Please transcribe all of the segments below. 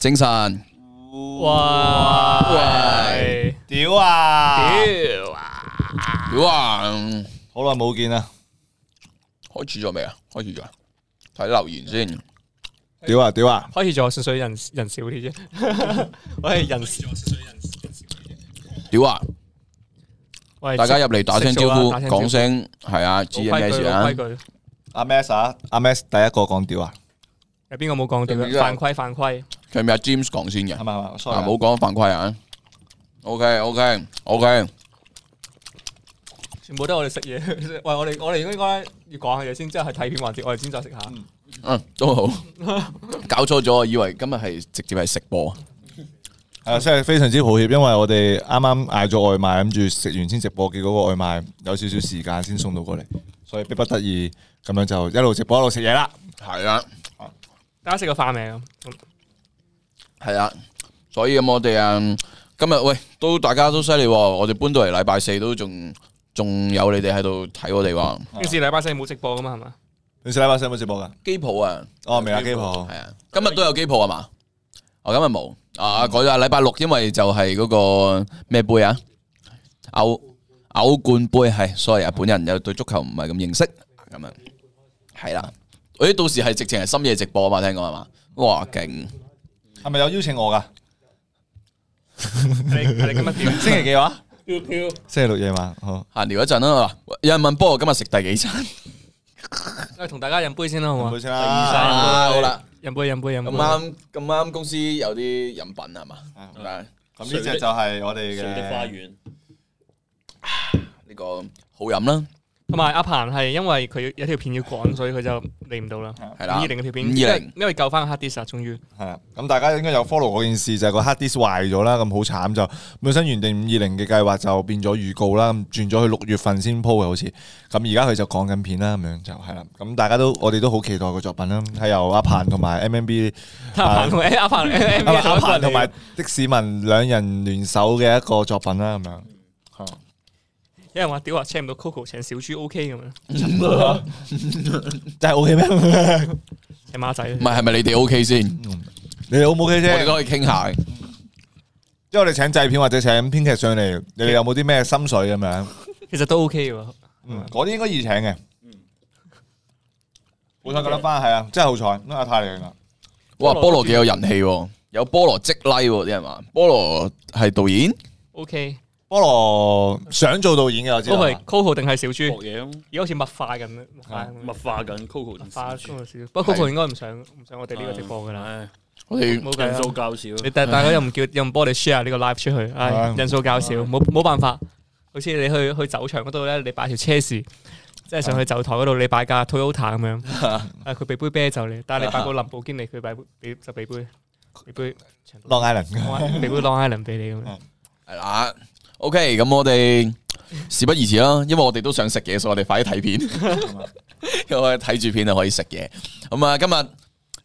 精神，哇，屌啊，屌啊，哇，好耐冇見啦，開始咗未啊？開始咗，睇留言先，屌啊，屌啊，開始咗，純粹人人少啲啫，我係人少，純粹人少，屌啊，喂，大家入嚟打聲招呼，講聲係啊，注意咩事啊？阿 Mas，阿 Mas，第一個講屌啊。有邊個冇講對犯規？犯規，佢咪阿 James 講先嘅，係咪啊？冇講犯規啊！OK，OK，OK，全部都係我哋食嘢。喂，我哋我哋應該要講下嘢先，之後係睇片環節，我哋先，先，先，先，先再食下。嗯、啊，都好。 搞錯咗，我以為今日係直接係食播啊！真係非常之抱歉，因為我哋啱啱嗌咗外賣，諗住食完先直播嘅嗰個外賣有少少時間先送到過嚟，所以逼不得已咁樣就一路直播一路食嘢啦。係啊。大家食個飯未啊？係啊，所以咁我哋啊今日喂都大家都犀利，我哋搬到嚟禮、嗯、拜四都仲仲有你哋喺度睇我哋喎。平時禮拜四冇直播噶嘛？係嘛？平時禮拜四有冇直播噶？機鋪啊？哦，未啊，機鋪係啊。今日都有機鋪啊嘛？哦，今日冇啊。改咗、嗯、啊，禮拜六因為就係嗰、那個咩杯啊？歐、嗯、冠杯係，Sorry 啊，嗯、本人又對足球唔係咁認識咁樣，係啦。嗰、哎、到時係直情係深夜直播啊嘛，聽講係嘛，哇勁！係咪有邀請我噶？ 你今日邊？星期幾話？星期六夜晚。好，閒聊一陣啦。有人問波，今日食第幾餐？同大家飲杯先啦，好唔好了？好啦，飲杯，飲杯，飲杯。咁啱，咁啱，公司有啲飲品係嘛？咁呢隻就係我哋嘅。水的花園。呢、啊這個好飲啦。同埋阿鵬係因為佢有條片要趕，所以佢就嚟唔到啦。係啦的，五二零條片，五二零 5 20 因，因為救翻個 hard disk 啊，終於係啊。咁大家應該有 follow 嗰件事就係、係、個 hard disk 壞咗啦，咁好慘就。本身原定五二零嘅計劃就變咗預告啦，咁轉咗去六月份先 po 嘅好似。咁而家佢就講緊片啦，咁樣就係啦。咁大家都我哋都好期待個作品啦，係由阿鵬同埋 M B,、啊、 M B 阿鵬同阿阿鵬同埋的士文兩人聯手嘅一個作品啦，咁樣。有人話屌話，請唔到 Coco，請小豬 OK 咁樣，真係 OK 咩？請馬仔，唔係係咪你哋 OK 先？你哋 O 唔 OK 啫？我哋都可以傾下嘅，因為我哋請製片或者請編劇上嚟，你哋有冇啲咩心水咁樣？其實都 OK 嘅，嗯，嗰啲應該易請嘅。好彩咁樣翻，係啊，真係好彩，阿太靚啦！哇，菠蘿幾有人氣，有菠蘿即 like 啲人話，菠蘿係導演，OK。菠蘿想做導演嘅我知，唔係 Coco 定係小豬？而家好似物化咁樣，物化緊 Coco，物化 Coco。不過 Coco 應該唔想唔想我哋呢個直播嘅啦，唉，人數較少。你但係大家又唔叫唔幫我哋 share 呢個 live 出去，人數較少，冇冇辦法。好似你去去酒場嗰度咧，你擺條車匙，即係上去酒台嗰度你擺架 Toyota 咁樣，佢俾杯啤酒你，但係你擺個林寶堅尼，佢俾杯就俾杯，杯 Long Island 杯 Long Island 俾你咁樣，係啦。OK，咁我哋事不宜遲啦，因為我哋都想食嘢，所以我哋快啲睇片，因為睇住片就可以食嘢。咁啊，今日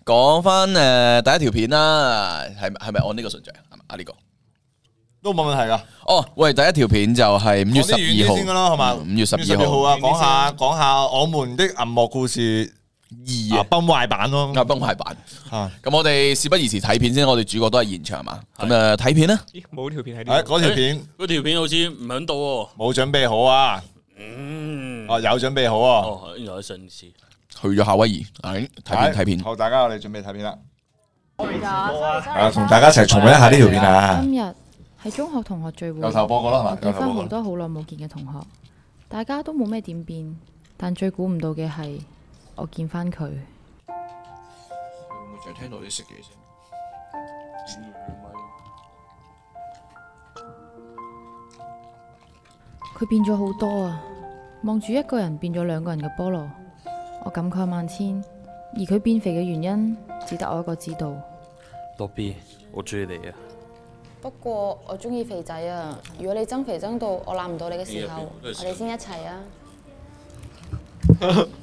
講翻誒第一條片啦，係係咪按呢個順序啊？阿呢個都冇問題噶。哦，喂，第一條片就係五月十二號先㗎啦，係嘛？五月十二號好啊，講下講下我們的銀幕故事。二啊，崩壞版咯，啊崩壞版，啊咁我哋事不宜遲睇片先，我哋主角都係現場嘛，咁誒睇片啦，咦冇條片喺，係嗰條片，嗰條片好似唔響度，冇準備好啊，嗯，哦有準備好啊，哦又有新事，去咗夏威夷，睇片，睇片，好，大家我哋準備睇片啦，係啊同大家一齊重溫一下呢條片啊，今日係中學同學聚會，有頭播過咯係嘛，有好多好耐冇見嘅同學，大家都冇咩點變，但最估唔到嘅係。我見翻佢。佢變咗好多啊！望住一個人變咗兩個人嘅菠蘿，我感慨萬千。而佢變肥嘅原因，只得我一個知道比。羅 B，我中意你啊！不過我中意肥仔啊！如果你增肥增到我攬唔到你嘅時候我、啊，我哋、啊啊、先一齊啊！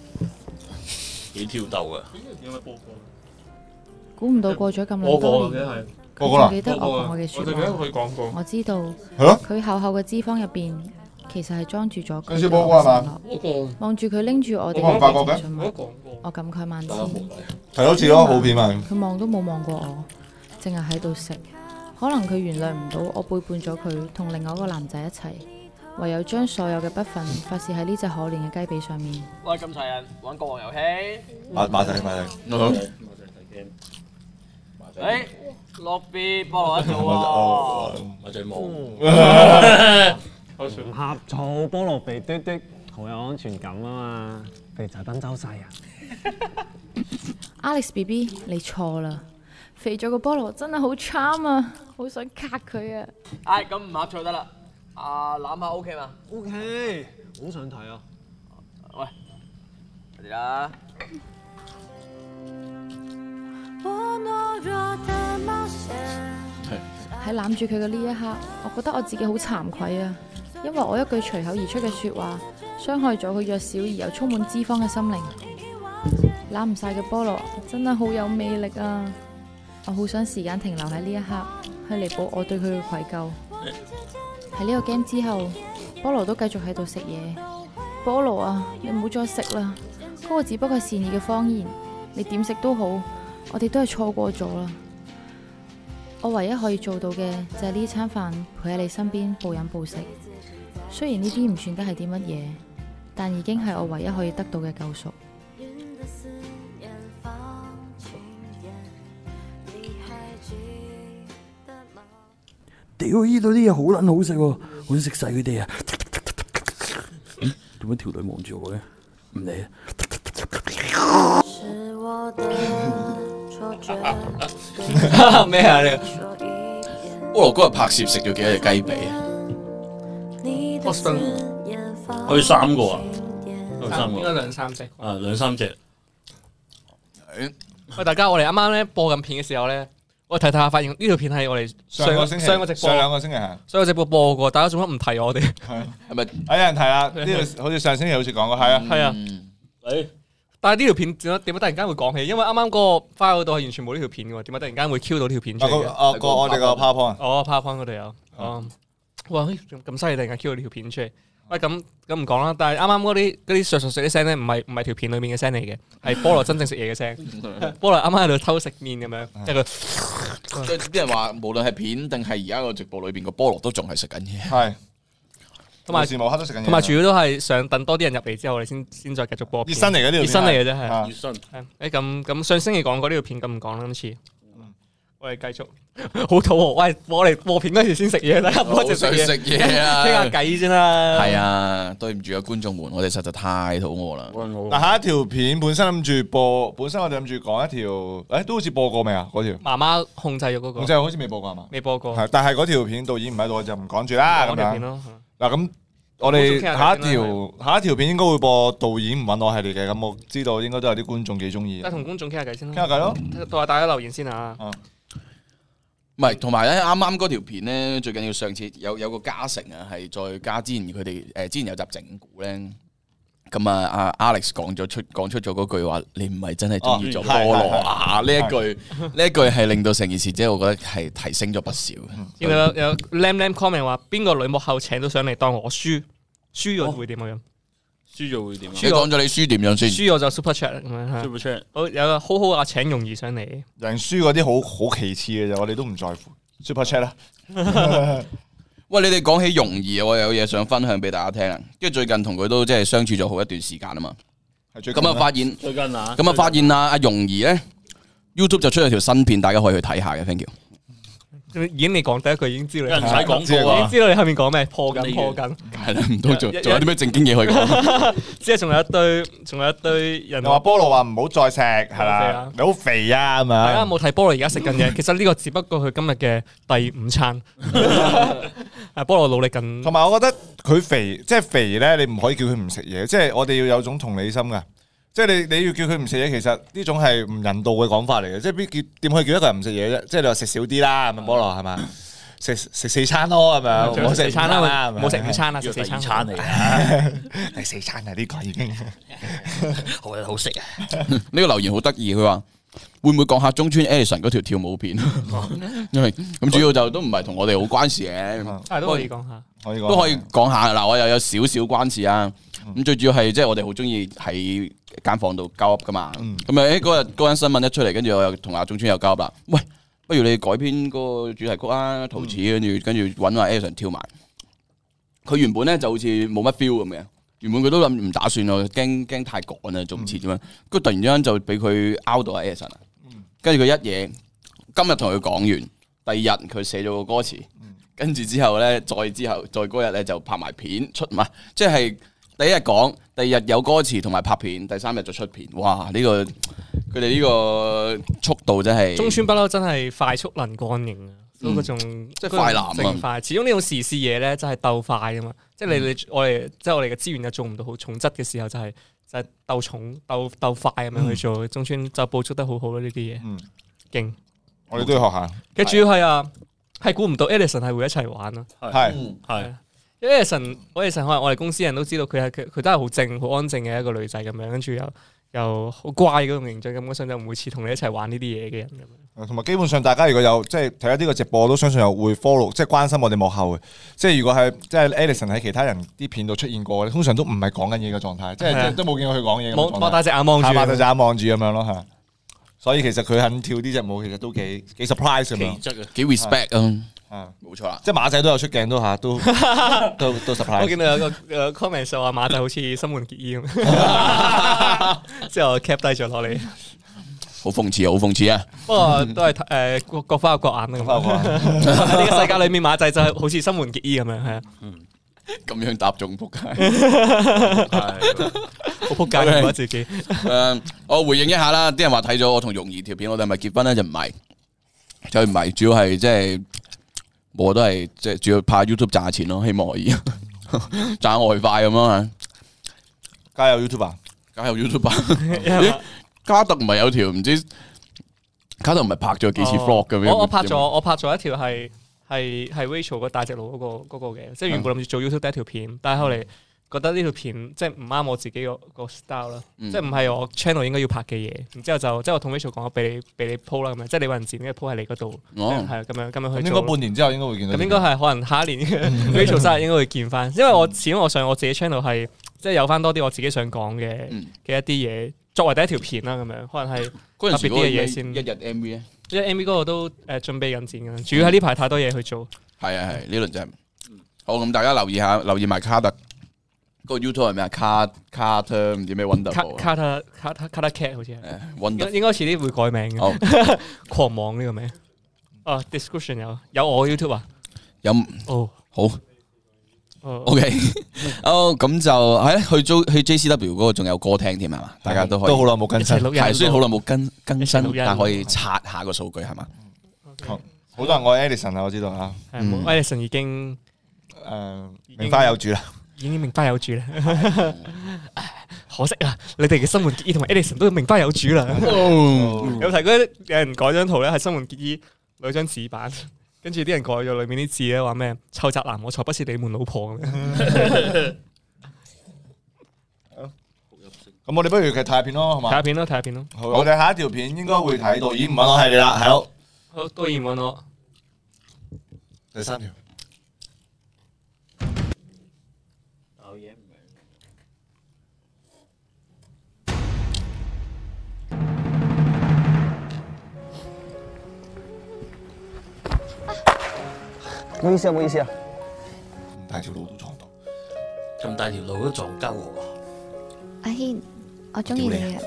幾跳竇噶？點解點解播過？估唔到過咗咁耐我仲記得我同我嘅説話。啊、我知道佢厚厚嘅脂肪入邊其實係裝住咗。上望住佢拎住我哋嘅甜品，我感慨萬千。係咯、啊，始終好佢望都冇望過我，淨係喺度食。可能佢原諒唔到我背叛咗佢，同另外一個男仔一齊。唯有將所有嘅不忿發泄喺呢隻可憐嘅雞髀上面。喂，咁齊人玩國王遊戲。馬馬仔，馬仔、oh, oh.，你好。馬仔睇片。誒，落邊菠蘿一組啊？馬仔冇。哈哈哈。合組菠蘿肥嘟嘟，好有安全感啊嘛。肥仔，蹲周晒人。Alex B B，你錯啦！肥咗個菠蘿真係好慘啊，好想夾佢啊！哎，咁唔呷醋得啦。啊攬下嗎 OK 嗎？OK，好想睇啊，啊！喂，開始啦。喺攬住佢嘅呢一刻，我覺得我自己好慚愧啊，因為我一句隨口而出嘅說話，傷害咗佢弱小而又充滿脂肪嘅心靈。攬唔晒嘅菠蘿，真係好有魅力啊！我好想時間停留喺呢一刻，去彌補我對佢嘅愧疚。 喺呢個 game 之後，菠蘿都繼續喺度食嘢。菠蘿啊，你唔好再食啦！嗰個只不過係善意嘅謊言，你點食都好，我哋都係錯過咗啦。我唯一可以做到嘅就係呢餐飯陪喺你身邊，暴飲暴食。雖然呢啲唔算得係啲乜嘢，但已經係我唯一可以得到嘅救贖。屌！呢度啲嘢好撚好食喎，好想食曬佢哋啊！點解條女望住我嘅？唔理！啊！咩啊？你 、啊！我嗰日拍攝食咗幾多隻雞髀？啊？我剩，佢三個啊，佢三個，應該兩三隻。啊，兩三隻。喂， 大家，我哋啱啱咧播緊片嘅時候咧。我睇睇下，發現呢條片係我哋上，上個星期上個直播上兩個星期，上個直播播過，大家做乜唔提我哋？係咪、啊？有 人提啦、啊？呢條 好似上星期好似講過，係啊係啊。誒，但係呢條片點解點解突然間會講起？因為啱啱個 file 度係完全冇呢條片嘅，點解突然間會 Q 到呢條片出？嚟、啊？啊、我哋個 powerpoint，哦、啊、powerpoint 度有。嗯、啊，哇，咁犀利，突然間 Q 到呢條片出。嚟。喂，咁咁唔講啦。但係啱啱嗰啲嗰啲嗦嗦嗦啲聲咧，唔係唔係條片裏面嘅聲嚟嘅，係菠蘿真正食嘢嘅聲。菠蘿啱啱喺度偷食麵咁樣，即係佢。即係啲人話，無論係片定係而家個直播裏邊個菠蘿都仲係食緊嘢。係。同埋無時無刻都食緊。同埋主要都係想等多啲人入嚟之後，我哋先先再繼續播。熱身嚟嘅呢條熱身嚟嘅真係。熱身。誒咁咁上星期講過呢條片，咁唔講啦，今次。我哋繼續，好肚餓。喂，我哋播片嗰時先食嘢啦，唔好食嘢啊！傾下偈先啦。係啊，對唔住啊，觀眾們，我哋實在太肚餓啦。嗱，下一條片本身諗住播，本身我哋諗住講一條，誒，都好似播過未啊？嗰條媽媽控制咗嗰個，控制好似未播過係嘛？未播過，但係嗰條片導演唔喺度，我就唔講住啦，係嘛？嗱，咁我哋下一條下一條片應該會播導演唔揾我系列嘅，咁我知道應該都有啲觀眾幾中意。但同觀眾傾下偈先咯，傾下偈咯，同大家留言先啊。.唔係，同埋咧，啱啱嗰條片咧，最緊要上次有有個加成啊，係再加之前佢哋誒之前有集整蠱咧，咁啊，阿 Alex 講咗出講出咗嗰句話，你唔係真係中意咗菠蘿啊？哦」呢、啊、一句，呢是一句係令到成件事即係我覺得係提升咗不少。嗯、以有有 Lam Lam comment 話，邊 個女幕後請到上嚟當我輸，輸咗會點樣？哦。輸咗會點？輸，講咗你輸點樣先？輸我就 Super Chat 啦，咁樣吓。Super Chat 好有個好好阿、啊、請容易上嚟。贏輸嗰啲好好其次嘅，我哋都唔在乎。Super Chat 啦、啊。 喂，你哋講起容易，我有嘢想分享俾大家聽。跟住最近同佢都即係相處咗好一段時間啊嘛。係最咁啊！就發現最近啊，咁啊發現啊阿容易咧，YouTube 就出咗條新片，大家可以去睇下嘅。Thank you。已經你講第一句已經知你，唔使講知道你後面講咩？破緊，破緊。係啦，唔多做，仲有啲咩正經嘢可以講？即係仲有一堆，仲有一堆人。我話菠蘿話唔好再食，係啦，你好肥啊，係嘛？ 係啊，冇睇菠蘿而家食緊嘢。其實呢個只不過佢今日嘅第五餐。阿菠蘿努力緊。同埋，我覺得佢肥，即係肥咧，你唔可以叫佢唔食嘢。即係我哋要有種同理心噶。即係你你要叫佢唔食嘢，其實呢種係唔人道嘅講法嚟嘅。即係邊叫點可以叫一個人唔食嘢啫？即係你話食少啲啦，咁樣菠蘿，係嘛，食食四餐咯，係咪啊？冇食餐啦，冇食午餐啦，食四餐嚟嘅，第四餐啊！呢個已經好好食啊！呢個留言好得意，佢話會唔會講下中村 Alison 嗰條跳舞片？因為咁主要就都唔係同我哋好關事嘅，都可以講下，都可以講下嗱，我又有少少關事啊。咁最主要係即係我哋好中意喺間房度交合噶嘛，咁啊嗰日嗰間新聞一出嚟，跟住我又同阿鍾村又交合啦。喂，不如你改編個主題曲啊，填詞跟住跟住搵阿 Aaron、er、跳埋。佢原本咧，就好似冇乜 feel 咁嘅，原本佢都諗唔打算咯，驚驚太趕啦，做唔切咁樣。佢突然之間就俾佢拗到阿 Aaron 啊，跟住佢一夜今日同佢講完，第二日佢寫咗個歌詞，跟住之後咧，再之後再嗰日咧就拍埋片出，唔係即係。第一日講，第二日有歌詞同埋拍片，第三日就出片。哇！呢個佢哋呢個速度真係，中村不嬲真係快速能幹型啊！嗰個仲即係快男啊！始終呢種時事嘢咧，就係鬥快啊嘛！即係你你我哋即係我哋嘅資源又做唔到好重質嘅時候，就係就鬥重鬥鬥快咁樣去做。中村就捕捉得好好咯呢啲嘢，嗯，勁。我哋都要學下。其實主要係啊，係估唔到 Alison 係會一齊玩啊，係係。因為 Ellison，我哋 Ellison 可能我哋公司人都知道佢係佢，佢都係好靜、好安靜嘅一個女仔咁樣，跟住又又好乖嗰種形象，咁我相信就每次同你一齊玩呢啲嘢嘅人咁樣。同埋基本上大家如果有即係睇下呢個直播，都相信又會 follow，即係關心我哋幕後嘅。即係如果係即係、就、Ellison、是、喺其他人啲片度出現過，通常都唔係講緊嘢嘅狀態，即係的都冇見過佢講嘢，冇戴大隻眼望住樣，眨眼望住咁樣咯吓。所以其實佢肯跳呢隻舞，其實都幾幾 surprise 啊嘛，幾 respect 嗯，冇錯啦，即係馬仔都有出鏡都吓，都 都都 surprise。我見到有個 comment 就話馬仔好似新垣結衣咁， 之後我 cap 低咗落嚟，好諷刺啊，好諷刺啊，不過都係誒各花各眼咁呢個世界裏面馬仔就係好似新垣結衣咁樣係啊。 咁樣搭中仆街，我仆街我自己。誒、 呃，我回應一下啦，啲人話睇咗我同容兒條片，我哋咪結婚咧，就唔係，就唔係，主要係即係我都係即係，主要拍 YouTube 賺錢咯，希望可以賺 外快咁啊！加油 YouTube 啊！加油 YouTube 啊！卡特唔係有條唔知卡特唔係拍咗幾次 Vlog 咁樣？我、oh, 我拍咗，我拍咗一條係。係係 Rachel，個大隻佬嗰個個嘅，即係原本諗住做 YouTube 第一條片，但係後嚟覺得呢條片即係唔啱我自己個 style 啦，即係唔係我 channel 應該要拍嘅嘢，然之後就即係我同 Rachel 講，我俾你俾你鋪啦，咁樣、哦、即係你揾人剪嘅鋪喺你嗰度，係咁樣咁樣去。應該半年之後應該會見。咁應該係可能下一年 Rachel 生日應該會見翻，因為我始終我上我自己 channel 係即係有翻多啲我自己想講嘅嘅一啲嘢，作為第一條片啦，咁樣可能係特別啲嘅嘢先，一日 MV 咧。因為 M V 哥我都誒準備緊戰嘅，主要係呢排太多嘢去做。係啊係，呢輪真係。好，咁大家留意下，留意埋卡特，嗰個 YouTube 係咩啊？卡卡特唔知咩 Window？卡卡特，卡特卡卡卡特 Cat 好似係，uh, Wonder。應該遲啲會改名嘅。Oh. 狂妄呢個名啊，uh,？Description 有有我 YouTube 啊？有哦，oh. 好。O K，哦，咁、okay. oh, 嗯、就喺去租去 J C W 嗰個仲有歌聽添係嘛，大家都都好耐冇更新，係雖然好耐冇更更新，但可以查下個數據係嘛。Okay. 好，好多人愛 Edison 啊，我, e、ison, 我知道啊。Edison、嗯嗯、已經誒名花有主啦，已經名花有主啦。可惜啊，你哋嘅《新垣結衣》同埋 Edison 都名花有主啦。Oh. Oh. 有冇睇過有人改張圖咧？係《新垣結衣》攞張紙板。跟住啲人改咗裏面啲字咧，話咩臭宅男，我才不是你們老婆。咁我哋不如睇大片咯，係嘛？大片咯，大片咯。我哋下一條片應該會睇到，演唔搵我係你啦，好？好，都演唔搵我。第三條。唔好意思啊，唔好意思啊。咁大條路都撞到，咁大條路都撞交喎。阿軒，我中意你啊。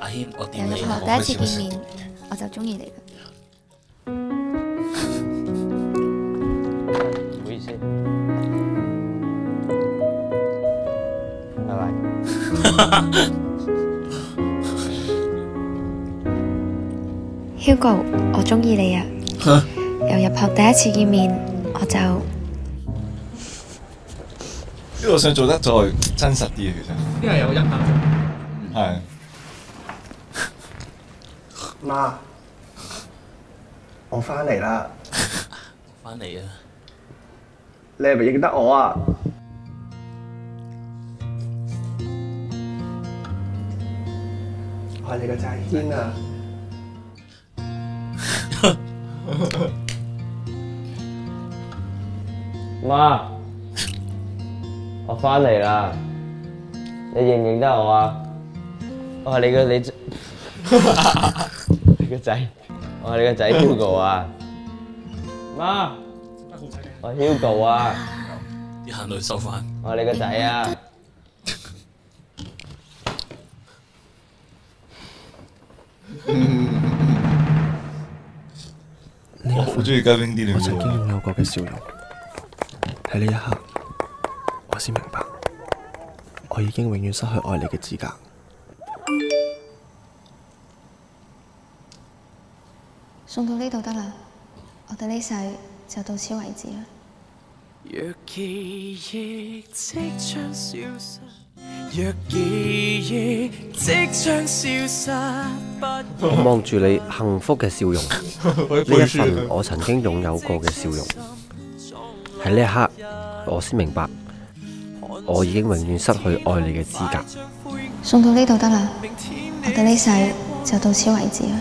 阿軒，我由入學第一次見面我就中意你。唔好意思。拜拜。Hugo，我中意你啊！嚇，由入學第一次見面。我就呢個想做得再真實啲啊，其實因為有個音效，係媽，我翻嚟啦，我翻嚟啊，你係咪認得我啊？我哋個仔，天啊！媽，我翻嚟啦，你認唔認得我啊？我係你個你個仔， 我係你個仔 Hugo 啊！媽，我係 Hugo 啊！啲行李收翻， 我係你個仔啊！我好中意嘉賓啲料。我曾經擁有過嘅笑容。喺呢一刻，我先明白，我已經永遠失去愛你嘅資格。送到呢度得啦，我哋呢世就到此為止啦。 我望住你幸福嘅笑容，呢 背一份我曾經擁有過嘅笑容。喺呢一刻，我先明白，我已經永遠失去愛你嘅資格。送到呢度得啦，我哋呢世就到此為止啦。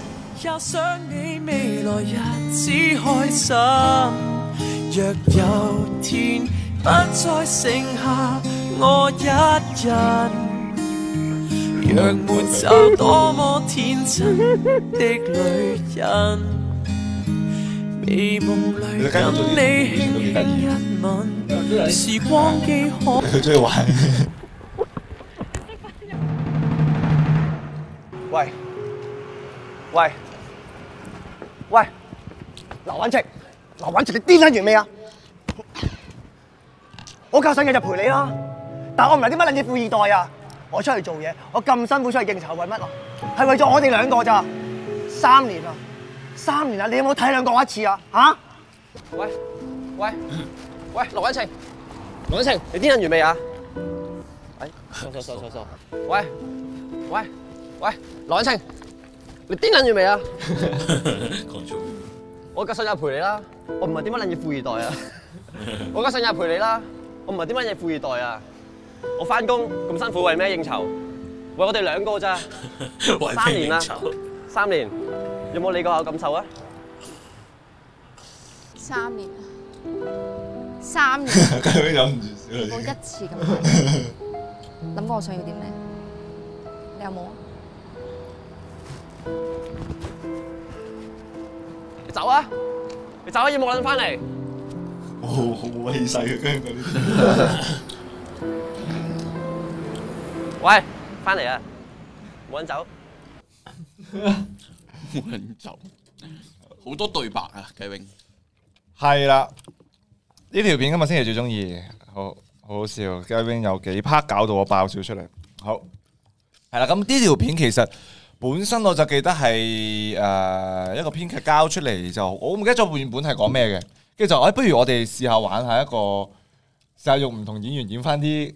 若有天不再剩下我一人，讓沒走多麼天真的女人，美夢裏等你。光可。佢中意玩。喂喂喂，老頑石，老頑石你癲啦，完未啊？我交想嘢，就陪你啦，但我唔係啲乜撚嘢富二代啊！我出去做嘢，我咁辛苦出去應酬，為乜啊？係為咗我哋兩個咋？三年啊，三年啦，你有冇體諒過我一次啊？吓、啊？喂？喂，喂，羅恩晴，羅恩晴，你癲緊完未啊？哎，收收收收收！喂，喂，喂，羅恩晴，你癲緊完未啊？我生日陪你啦，我唔係點樣諗住富二代啊？我生日陪你啦，我唔係點樣嘅富二代啊？我翻工咁辛苦為咩應酬？為我哋兩個咋？三年啦，三年，有冇理過我感受啊？三年。三年，我一次咁諗過我想要點咩？你有冇啊？你走啊！你走可以冇人翻嚟。哦，我氣晒佢驚佢。喂，翻嚟啊！冇人走，冇人走，好多對白啊！繼榮，係啦。呢條片今日先係最中意，好，好好笑，入邊有幾 part 搞到我爆笑出嚟。好，係啦，咁 呢條片其實本身我就記得係誒、呃、一個編劇交出嚟就，我唔記得咗原本係講咩嘅，跟住就誒不如我哋試下玩一下一個，試下用唔同演員演翻啲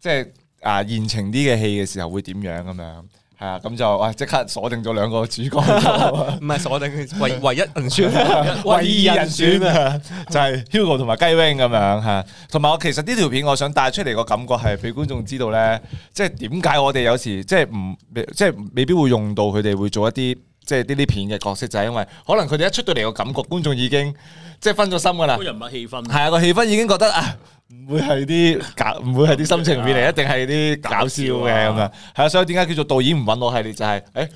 即係啊言情啲嘅戲嘅時候會點樣咁樣。係啊，咁就哇，即刻鎖定咗兩個主角，唔係鎖定唯唯一人選， 唯一人選 一啊，就係 Hugo 同埋 Gary Wing 咁樣吓，同埋我其實呢條片我想帶出嚟個感覺係俾觀眾知道咧，即係點解我哋有時即係唔即係未必會用到佢哋會做一啲即係呢啲片嘅角色，就係、是、因為可能佢哋一出到嚟個感覺，觀眾已經即係、就是、分咗心噶啦，人物氣氛係啊，個氣氛已經覺得啊。唔會係啲搞，唔 會係啲心情片嚟。 一定係啲搞笑嘅咁啊，係啊， 所以點解叫做導演唔揾我系列就係、是，誒，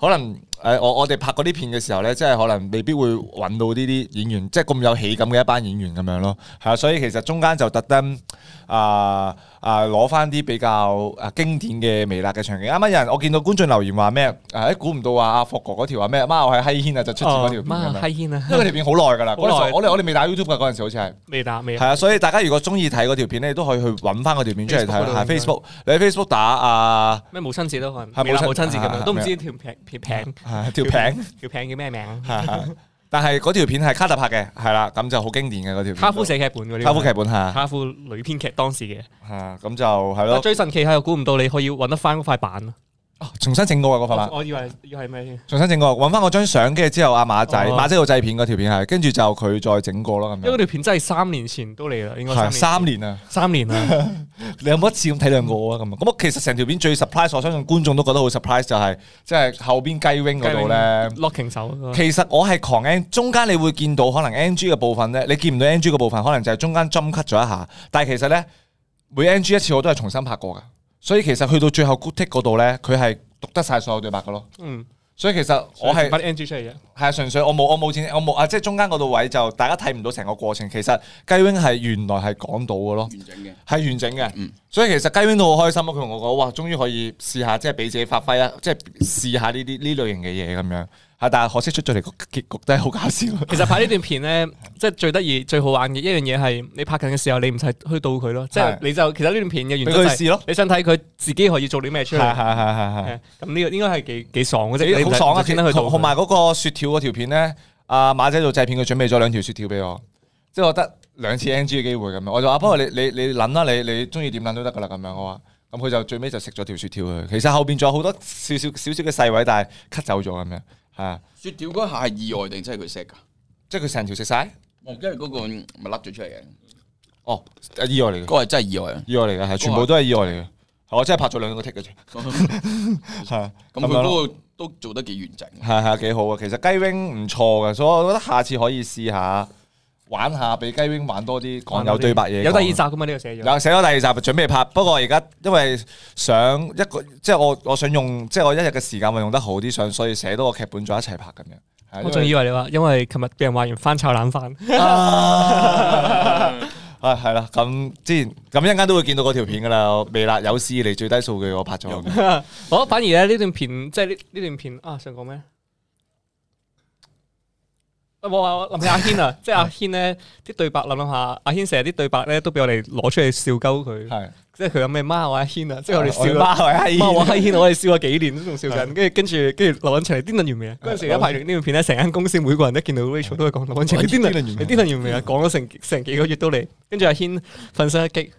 可能。誒、哎，我我哋拍嗰啲片嘅時候咧，即係可能未必會揾到呢啲演員，即係咁有喜感嘅一班演員咁樣咯。係啊，所以其實中間就特登啊啊，攞翻啲比較誒經典嘅微辣嘅場景。啱啱有人我見到觀眾留言話咩？誒、哎，估唔到啊，阿霍哥嗰條話咩？媽我係黑軒啊，就出自嗰條片咁樣。媽我係、哦、黑軒啊，因為條片好耐噶啦。我我哋未打 YouTube 嘅嗰陣時，好似係未打未係啊。所以大家如果中意睇嗰條片咧，都可以去揾翻嗰條片出嚟睇。喺 Facebook，你喺 Facebook 打啊咩母親節都可係母親節咁樣，啊、都唔知條片片啊，條片，條片，片叫咩名？ 但係嗰條片係卡特拍嘅，係啦，咁就好經典嘅嗰條片。卡夫寫劇本嘅，卡夫劇本係啊，卡夫女編劇當時嘅，係咁就係咯。最神奇係又估唔到你可以搵得翻嗰塊板。啊、重新整過啊，嗰份啊！我以為要係咩重新整過，搵翻我張相機，跟住之後阿馬仔，哦哦馬仔個製片嗰條片係，跟住就佢再整過咯咁樣。因為條片真係三年前都嚟啦，應該係三年啊，三年，三年 有有啊！你有冇一次咁體諒過我啊？咁、嗯、啊，咁啊，其實成條片最 surprise，我相信觀眾都覺得好 surprise，就係即係後邊雞 wing 嗰度咧。locking 手翁。其實我係狂 ng，中間你會見到可能 ng 嘅部分咧，你見唔到 ng 嘅部分，可能就係中間 jump cut 咗一下。但係其實咧，每 ng 一次我都係重新拍過噶。所以其實去到最後 good take 嗰度咧，佢係讀得晒所有對白噶咯。嗯，所以其實我係把啲 NG 出嚟嘅。係啊，純粹我冇我冇錢，我冇啊，即係、就是，中間嗰度位就大家睇唔到成個過程。其實雞 wing 係原來係講到嘅咯，完整嘅係完整嘅。嗯，所以其實雞 wing 都好開心啊！佢同我講，哇，終於可以試下即係俾自己發揮啊，即係試下呢啲呢類型嘅嘢咁樣。但係可惜出咗嚟個結局都係好搞笑。其實拍呢段片咧，即係最得意、最好玩嘅一樣嘢係，你拍緊嘅時候你唔使去到佢咯，即係你就其實呢段片嘅原。俾佢試咯，你想睇佢自己可以做啲咩出嚟？係係係係咁呢個應該係幾幾爽嘅啫，好爽啊！見到佢，同埋嗰個雪條嗰條片咧，阿馬仔做製片，佢準備咗兩條雪條俾我，即係我得兩次 NG 嘅機會咁樣。我就話，啊，不過你你你諗啦，你你中意點諗都得噶啦咁樣。我話咁，佢就最尾就食咗條雪條佢。其實後邊仲有好多少少少少嘅細位，但係 cut 走咗咁樣。係啊！是雪條嗰下係意外定真係佢食噶？即係佢成條食晒？哦，因為嗰個咪甩咗出嚟嘅。哦，意外嚟嘅，嗰個真係意外啊！意外嚟嘅，係全部都係意外嚟嘅。我真係拍咗兩個 take 嘅啫，係啊。咁佢個都做得幾完整。係係幾好啊！其實雞 wing 唔錯噶，所以我覺得下次可以試下。玩下俾雞 w 玩多啲，講有對白嘢。有第二集噶嘛？呢、這個寫咗。有寫咗第二集，準備拍。不過而家因為想一個，即、就、係、是、我我想用，即、就、係、是、我一日嘅時間會用得好啲，想所以寫多個劇本再一齊拍咁樣。我仲以為你話，因為琴日俾人話完翻炒冷飯。啊，係啦，咁之前咁一陣間都會見到嗰條片噶啦，微辣有史以嚟最低數據我拍咗。我 反而咧呢段片，即係呢呢段片啊，想講咩？我話諗起阿軒啊，即係阿軒咧啲對白諗諗下，阿軒成日啲對白咧都俾我哋攞出嚟笑鳩佢，係的即係佢有咩媽啊阿軒啊，即係我哋笑媽啊阿軒，媽啊阿軒，我哋笑咗幾年都仲笑緊，跟住跟住跟住劉雲祥癲到完未啊？嗰陣的時一拍完呢段片咧，成間公司每個人都見到 Rachel 都係講劉雲祥癲到完未啊，癲到的完未啊？講咗成成幾個月都嚟，跟住阿軒瞓身一擊。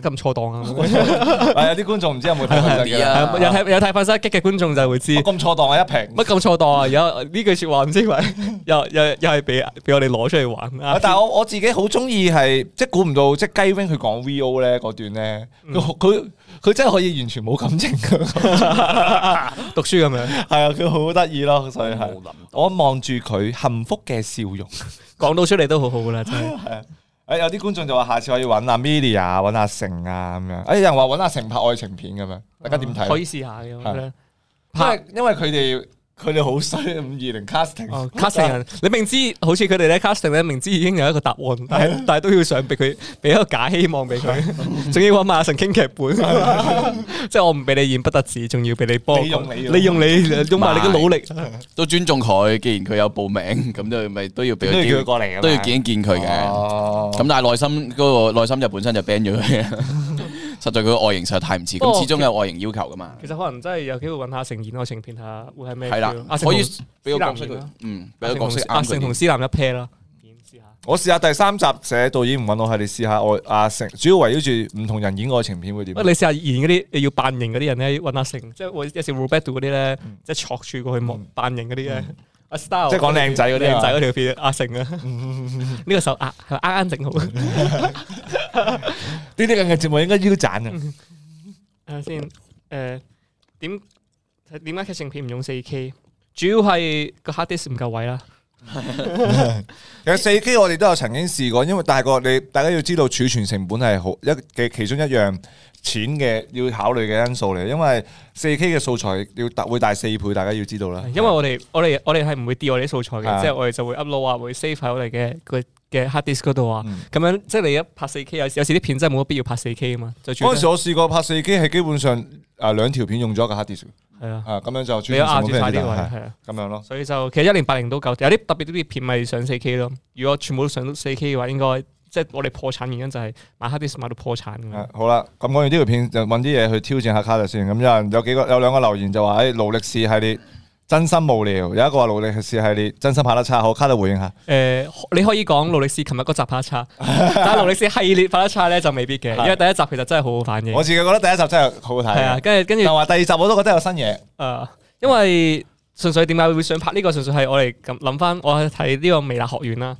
咁錯蕩啊！係啊，啲觀眾唔知有冇睇到有睇有睇《粉身擊》嘅觀眾就會知。咁錯蕩啊一平，乜咁錯蕩啊？有，呢句說話唔知咪又又又係俾俾我哋攞出去玩啊！但係我我自己好中意係，即係估唔到，即係雞 wing 佢講 vo 咧嗰段咧，佢佢、嗯、真係可以完全冇感情嘅， 讀書咁樣係啊！佢好得意咯，所以係我望住佢幸福嘅笑容，講到 出嚟都好好噶啦，真係。 誒、哎，有啲觀眾就話，下次可以揾阿 Milia，揾阿成啊咁樣。誒、哎，有人話揾阿成拍愛情片咁樣，嗯、大家點睇？可以試下嘅咁樣，是拍因為佢哋。佢哋好衰，五二零 casting，casting 人，你明知好似佢哋咧 casting 咧，明知已經有一個答案，但係但係都要想俾佢，俾一個假希望俾佢，仲要搵馬亞晨傾劇本，即係我唔俾你演不特止，仲要俾你幫，利用你，利用你，埋你嘅努力，都尊重佢，既然佢有報名，咁就咪都要俾，都要叫佢過嚟，都要見一見佢嘅，咁但係內心嗰個內心就本身就 ban 咗佢。實在佢個外形實在太唔似，咁始終有外形要求噶嘛。其實可能真係有機會搵下阿成演愛情片下會係咩？係啦，可以俾個角色佢，嗯，俾個角色阿成同司南一 pair 啦，點試下？我試下第三集寫導演唔搵我係你試下，我阿成主要圍繞住唔同人演愛情片會點？喂，你試下演嗰啲要扮型嗰啲人咧，搵阿成，即係或者似 Robert 啲咧，即係坐住過去模扮型啲咧。A 即係講靚仔嗰啲啊，靚仔嗰條片阿成啊，呢個手壓啱啱整好。呢啲咁嘅節目應該要揀啊。睇、嗯、先，誒、呃，點點解劇情片唔用四 K？主要係個 hard disk 唔夠位啦。 其實四 K 我哋都有曾經試過，因為大個你大家要知道儲存成本係好一嘅其中一樣。錢嘅要考慮嘅因素嚟，因為四 K 嘅素材要大會大四倍，大家要知道啦。因為我哋我哋我哋係唔會掉我哋啲素材嘅，即係我哋就會 upload 啊，會 save 喺我哋嘅嘅 hard disk 嗰度啊。咁樣即係你一拍四 K，有有時啲片真係冇乜必要拍四 K 啊嘛。當時我試過拍四 K 係基本上啊兩條片用咗個 hard disk。係啊，咁樣就你壓住晒啲位，係啊，咁樣咯。所以就其實一零八零都夠，有啲特別啲片咪上四 K 咯。如果全部都上到四 K 嘅話，應該。即係我哋破產原因就係買黑啲書買到破產咁、啊、好啦，咁講完呢條片就搵啲嘢去挑戰下卡特先。咁有人有幾個有兩個留言就話誒，勞力士系列真心無聊，有一個話勞力士系列真心拍得差。好，卡特回應下。誒、呃，你可以講勞力士琴日嗰集拍得差， 但係勞力士系列拍得差咧就未必嘅， 因為第一集其實真係好好反應。我自己覺得第一集真係好好睇。係啊，跟住跟住。又話第二集我都覺得有新嘢。誒、啊，因為純粹點解會想拍呢、這個？純粹係我哋咁諗翻，我睇呢個微辣學院啦。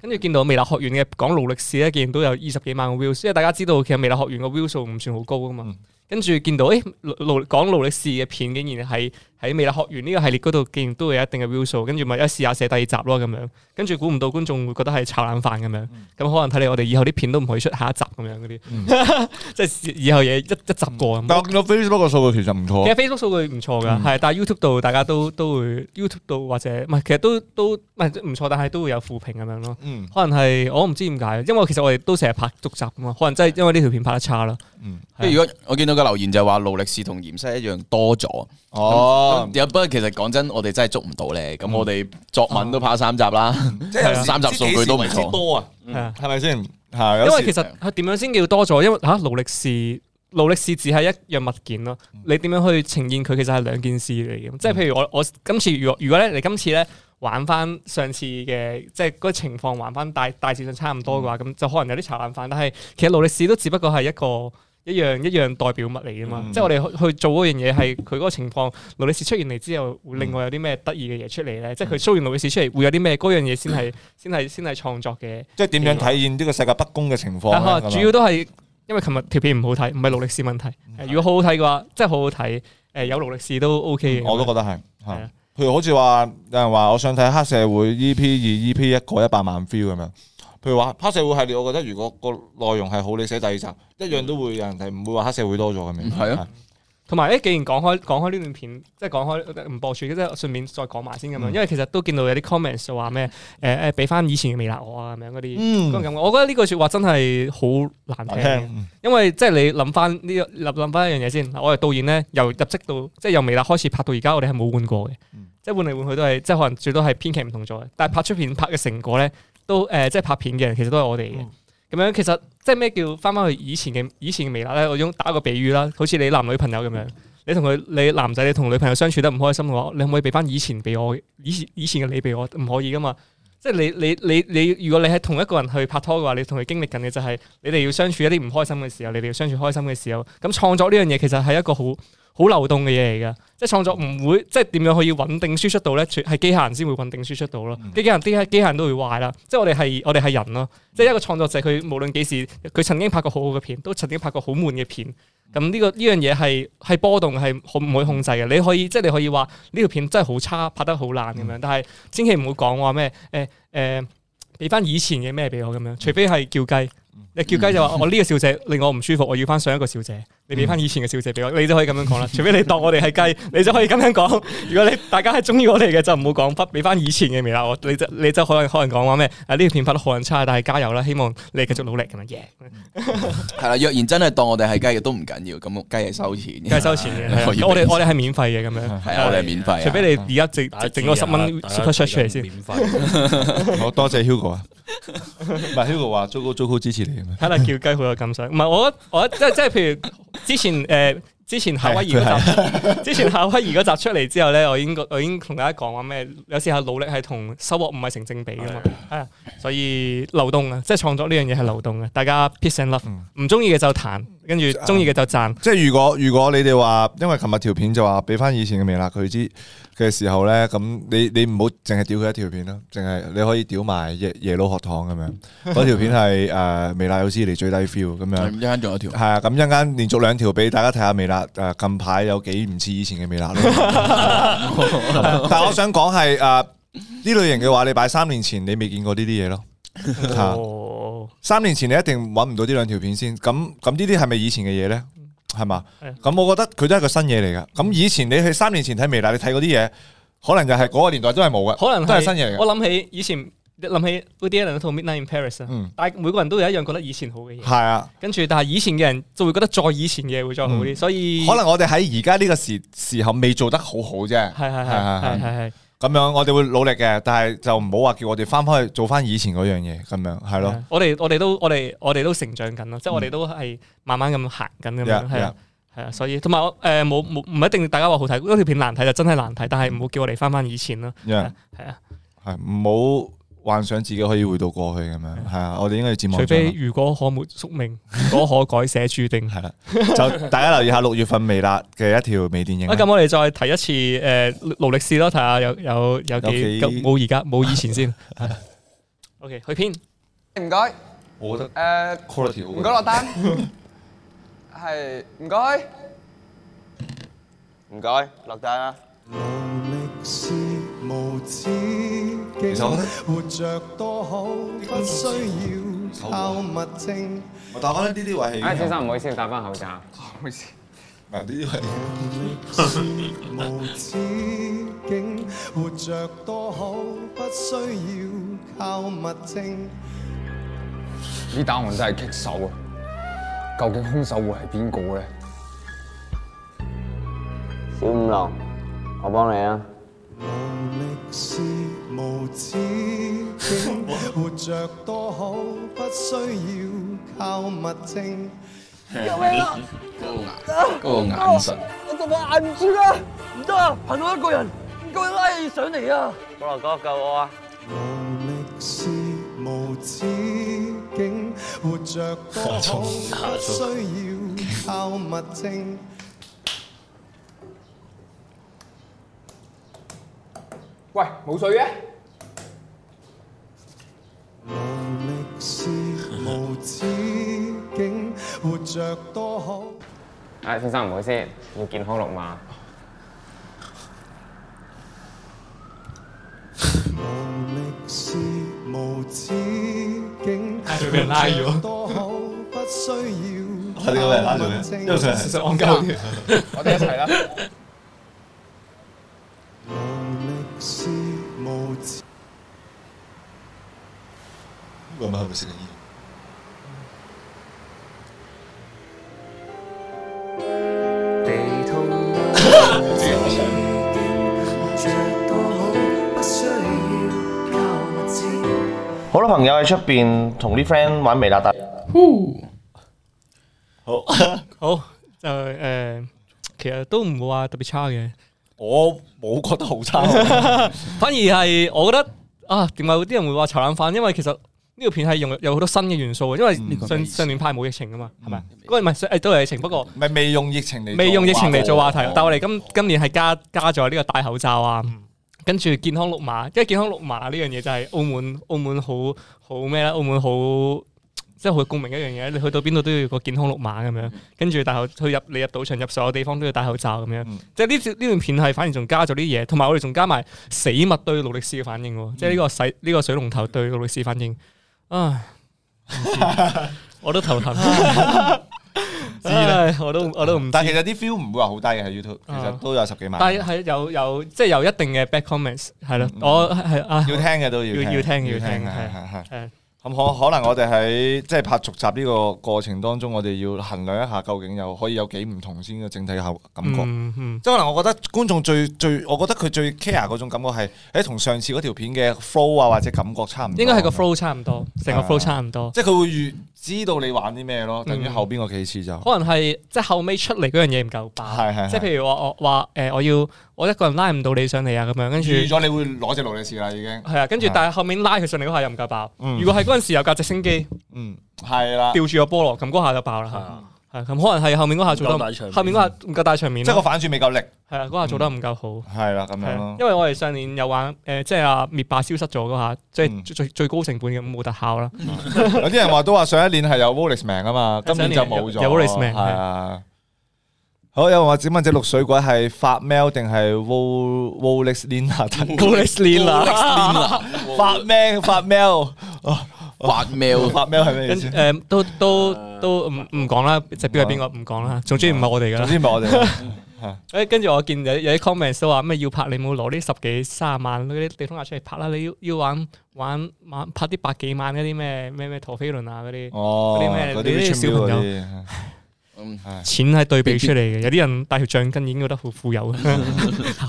跟住見到微辣學院嘅講勞力士咧，竟然都有二十幾萬個 view，因為大家知道其實微辣學院嘅 view 數唔算好高啊嘛。跟住見到，誒、欸，勞講勞力士嘅片竟然係。喺未來學完呢個系列嗰度，竟然都會有一定嘅 view 數，跟住咪一試下寫第二集咯咁樣。跟住估唔到觀眾會覺得係炒冷飯咁樣，咁、嗯、可能睇嚟我哋以後啲片都唔可以出下一集咁樣嗰啲，即係、嗯、 以後嘢一一集過。嗯、但我見到 Facebook 個數據其實唔錯，嘅 Facebook 數據唔錯噶，係、嗯、但係 YouTube 度大家都都會 YouTube 度或者唔係，其實都都唔係唔錯，但係都會有負評咁樣咯。嗯、可能係我唔知點解，因為其實我哋都成日拍續集噶嘛，可能真係因為呢條片拍得差啦。嗯，譬的如果我見到個留言就話勞力士同芫荽一樣多咗。哦，不過、嗯、其實講真，我哋真係捉唔到咧。咁、嗯、我哋作文都拍三集啦，即係、嗯、 三集數據都唔錯，多啊，係咪先？係因為其實係點樣先叫多咗？因為吓勞、啊、力士，勞力士只係一樣物件咯。你點樣去呈現佢，其實係兩件事嚟嘅。即係譬如我我今次如果如果咧，你今次咧玩翻上次嘅，即係嗰個情況玩翻大大致上差唔多嘅話，咁、嗯、就可能有啲炒冷飯。但係其實勞力士都只不過係一個。一樣一樣代表物嚟噶嘛，即係我哋去做嗰樣嘢係佢嗰個情況，勞力士出現嚟之後會另外有啲咩得意嘅嘢出嚟咧？即係佢收完勞力士出嚟會有啲咩？嗰樣嘢先係先係先係創作嘅。即係點樣體現呢個世界不公嘅情況？主要都係因為琴日條片唔好睇，唔係勞力士問題。如果好好睇嘅話，即係好好睇。誒有勞力士都 OK 嘅。我都覺得係。係譬如好似話有人話我想睇黑社會 EP 二 EP 一過一百萬 view 咁樣。譬如話黑社會系列，我覺得如果個內容係好，你寫第二集，一樣都會有人睇，唔會話黑社會多咗咁咪？係、嗯、啊，同埋誒，既然講開講開呢段片，即係講開唔播住，即係順便再講埋先咁樣。嗯、因為其實都見到有啲 comments 話咩誒誒，俾、呃、翻以前嘅微辣我啊，咁、嗯、樣嗰啲咁我覺得呢句說話真係好難，難聽，嗯、因為即係你諗翻呢諗諗翻一樣嘢先。我哋導演咧由入職到即係由微辣開始拍到而家，我哋係冇換過嘅，即係換嚟換去都係即係可能最多係編劇唔同咗。但係拍出片拍嘅成果咧。都誒、呃，即係拍片嘅人，其實都係我哋嘅。咁、嗯、樣其實即係咩叫翻翻去以前嘅以前嘅微辣呢？我用打個比喻啦，好似你男女朋友咁樣，你同佢你男仔，你同女朋友相處得唔開心嘅話，你可唔可以俾翻以前俾我？以前以前嘅你俾我，唔可以噶嘛？即係你你你你，如果你係同一個人去拍拖嘅話，你同佢經歷緊嘅就係、是，你哋要相處一啲唔開心嘅時候，你哋要相處開心嘅時候。咁創作呢樣嘢，其實係一個好。好流動嘅嘢嚟㗎，即係創作唔會，即係點樣可以穩定輸出到咧？係機械人先會穩定輸出到咯。機、嗯、械人，機機械人都會壞啦。即係我哋係我哋係人咯、啊。即係一個創作者，佢無論幾時，佢曾經拍過好好嘅片，都曾經拍過好悶嘅片。咁呢、嗯這個呢樣嘢係係波動，係可唔可以控制嘅？嗯、你可以即係、就係、你可以話呢條片真係好差，拍得好爛咁樣。嗯、但係千祈唔好講話咩？誒、欸、誒，俾、欸、翻、欸、以前嘅咩俾我咁樣，除非係叫雞。你叫雞就話我呢個小姐令我唔舒服，我要翻上一個小姐，你俾翻以前嘅小姐俾我，你都可以咁樣講啦。除非你當我哋係雞，你就可以咁樣講。如果你大家係中意我哋嘅，就唔好講不俾翻以前嘅未啦。你就你就可能可能講話咩？呢個片拍得好差，但係加油啦！希望你繼續努力咁樣贏。係啦，若然真係當我哋係雞嘅都唔緊要，咁雞係收錢。收錢嘅，我哋我哋係免費嘅咁樣。係我哋係免費。除非你而家整咗十蚊 research 出嚟先。免費。我多謝 Hugo 啊！唔係 Hugo 話，jojo 支持你。睇嚟叫雞好有感想，唔係我我，我即係即係，譬如之前誒，之前夏威夷嗰集，之前夏威夷集， 集出嚟之後咧，我已經我已經同大家講話咩？有時係努力係同收穫唔係成正比噶嘛，係、 嗯、所以流動嘅，即係創作呢樣嘢係流動嘅。大家 peace and love，唔中意嘅就彈。跟住中意嘅就讚、嗯，即係如果如果你哋話，因為琴日條片就話俾翻以前嘅微辣，佢知嘅時候呢，咁你你唔好淨係屌佢一條片咯，淨係你可以屌埋耶耶魯學堂咁樣，嗰條片係誒微辣老師嚟最低 feel 咁樣，一間仲有條係啊，咁一間連續兩條俾大家睇下微辣。誒、呃、近排有幾唔似以前嘅微辣咯，但係我想講係誒呢類型嘅話，你擺三年前你未見過呢啲嘢咯。 三年前你一定揾唔到呢兩條片先，咁咁呢啲係咪以前嘅嘢咧？係嘛？咁的我覺得佢都係個新嘢嚟噶。咁以前你去三年前睇微辣，你睇嗰啲嘢，可能就係嗰個年代都係冇嘅，可能都係新嘢。嚟。我諗起以前諗起 Woody Allen 嗰套 Midnight in Paris 啊、嗯，但係每個人都有一樣覺得以前好嘅嘢。係啊的，跟住但係以前嘅人就會覺得再以前嘅嘢會再好啲，嗯、所以可能我哋喺而家呢個時時候未做得好好啫。係係係係係係。咁樣我哋會努力嘅，但係就唔好話叫我哋翻翻去做翻以前嗰樣嘢咁樣，係咯。Yeah, 我哋我哋都我哋我哋都成長緊咯，即係我哋都係慢慢咁行緊咁樣，係啊係啊，所以同埋誒冇冇唔一定大家話好睇，嗰條片難睇就真係難睇，但係唔好叫我哋翻翻以前咯，係啊係啊，係唔好。是是幻想自己可以回到過去咁樣，係啊，我哋應該要展望。除非如果可沒宿命，如果可改寫注定，係啦。就大家留意下六月份未啦嘅一條微電影。咁我哋再提一次誒勞力士咯，睇下有有有幾冇而家冇以前先。O K，去片唔該，誒，唔該落單，係唔該，唔該落單啊。其實我咧，我打返呢啲位。阿先生唔好意思戴翻口罩。唔好意思。嗱，呢啲位。呢單案真係棘手啊！究竟凶手會係邊個咧？小五郎，我幫你啊！無力是無止境，活着多好，不需要靠物證。救命啊！哥眼哥眼神，我就話挨住啦，唔得啊！憑到一個人，唔夠拉起上嚟啊！阿龍哥，救我啊！無力是無止境，活着多好，不需要靠物證。喂，冇水嘅。哎，先生，唔好意思，要健康綠碼。哎，俾人拉咗。啊，點解俾人拉咗咧？一齊，一齊安交添，我哋一齊啦。好多朋友喺出邊同啲 friend 玩微辣達。呼，好，好就誒，其實都唔會話特別差嘅。我冇覺得好差， 反而係我覺得啊，點解有啲人會話炒冷飯？因為其實呢條片係用有好多新嘅元素，因為上上年派冇疫情㗎嘛，係咪，嗯？嗰唔係都係疫情，嗯，不過咪未用疫情嚟，未用疫情嚟做話題，話題，嗯，但係我哋今今年係加加咗呢個戴口罩啊，嗯，跟住健康綠碼，因為健康綠碼呢樣嘢就係澳門澳門好好咩澳門好。即係好共鳴一樣嘢，你去到邊度都要個健康綠碼咁樣，跟住戴頭去入，你入賭場入所有地方都要戴口罩咁樣。即係呢段呢段片係反而仲加咗啲嘢，同埋我哋仲加埋死物對勞力士嘅反應，即係呢個洗呢個水龍頭對勞力士反應。啊，我都頭疼。知啦，我都我都唔。但係其實啲 feel 唔會話好低嘅喺 YouTube，其實都有十幾萬。但係有有即係有一定嘅 bad comments 係咯，我係啊。要聽嘅都要要要聽要聽係係係。咁可可能我哋喺即係拍續集呢個過程當中，我哋要衡量一下究竟有可以有幾唔同先嘅整體嘅感感覺。嗯嗯、即可能我覺得觀眾最最，我覺得佢最 care 嗰種感覺係，誒、欸、同上次嗰條片嘅 flow 啊或者感覺差唔多。應該係個 flow 差唔多，成、嗯、個 flow 差唔多。啊、即係佢會預知道你玩啲咩咯，等於後邊個幾次就。嗯、可能係即係後尾出嚟嗰樣嘢唔夠爆。即係譬如話我話我要我一個人拉唔到你上嚟啊，咁樣跟住。預咗你會攞隻勞力士啦，已經。係啊，跟住但係後面拉佢上嚟下又唔夠爆。嗯、如果係嗰時有架直升機，嗯係啦，吊住個菠蘿咁嗰下就爆啦，係咁可能係後面嗰下做得後面下唔夠大場面，即係個反轉未夠力，係啊嗰下做得唔夠好，係啦咁樣因為我哋上年有玩誒，即係阿滅霸消失咗嗰下，即係最最高成本嘅冇特效啦。有啲人話都話上一年係有 Wallis e 名啊嘛，今年就冇咗。有 l l e 係啊，好有我只問隻綠水鬼係發 mail 定係 Wall w a l l s Lina 發 mail 發 mail 發咩？發喵係咩意思？誒，都都都唔唔講啦，目標係邊個？唔講啦，總之唔係我哋噶啦。總之唔係我哋誒， 跟住我見有有啲 comment 都話咩要拍，拍，你冇攞啲十幾卅萬嗰啲地方出嚟拍啦，你要要玩玩玩拍啲百幾萬嗰啲咩咩咩陀飛輪啊嗰啲，嗰啲咩啲啲小朋友。蜜蜜錢係對比出嚟嘅，有啲人帶條橡筋已經覺得好富有。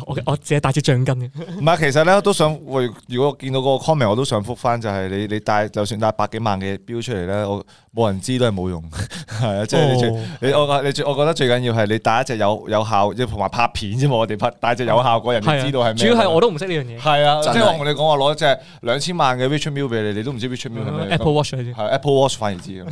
我我自己帶支橡筋嘅。唔係，其實咧都想會，如果見到嗰個 comment，我都想覆翻，就係你你帶，就算帶百幾萬嘅表出嚟咧，我冇人知都係冇用，係啊，即係你最你我你我覺得最緊要係你帶一隻有有效，即同埋拍片啫嘛，我哋拍帶隻有效果人知道係咩。主要係我都唔識呢樣嘢。係啊，即係我同你講，我攞隻兩千萬嘅 Richard Mille 俾你，你都唔知 Richard Mille 係咩。Apple Watch 係 Apple Watch 反而知，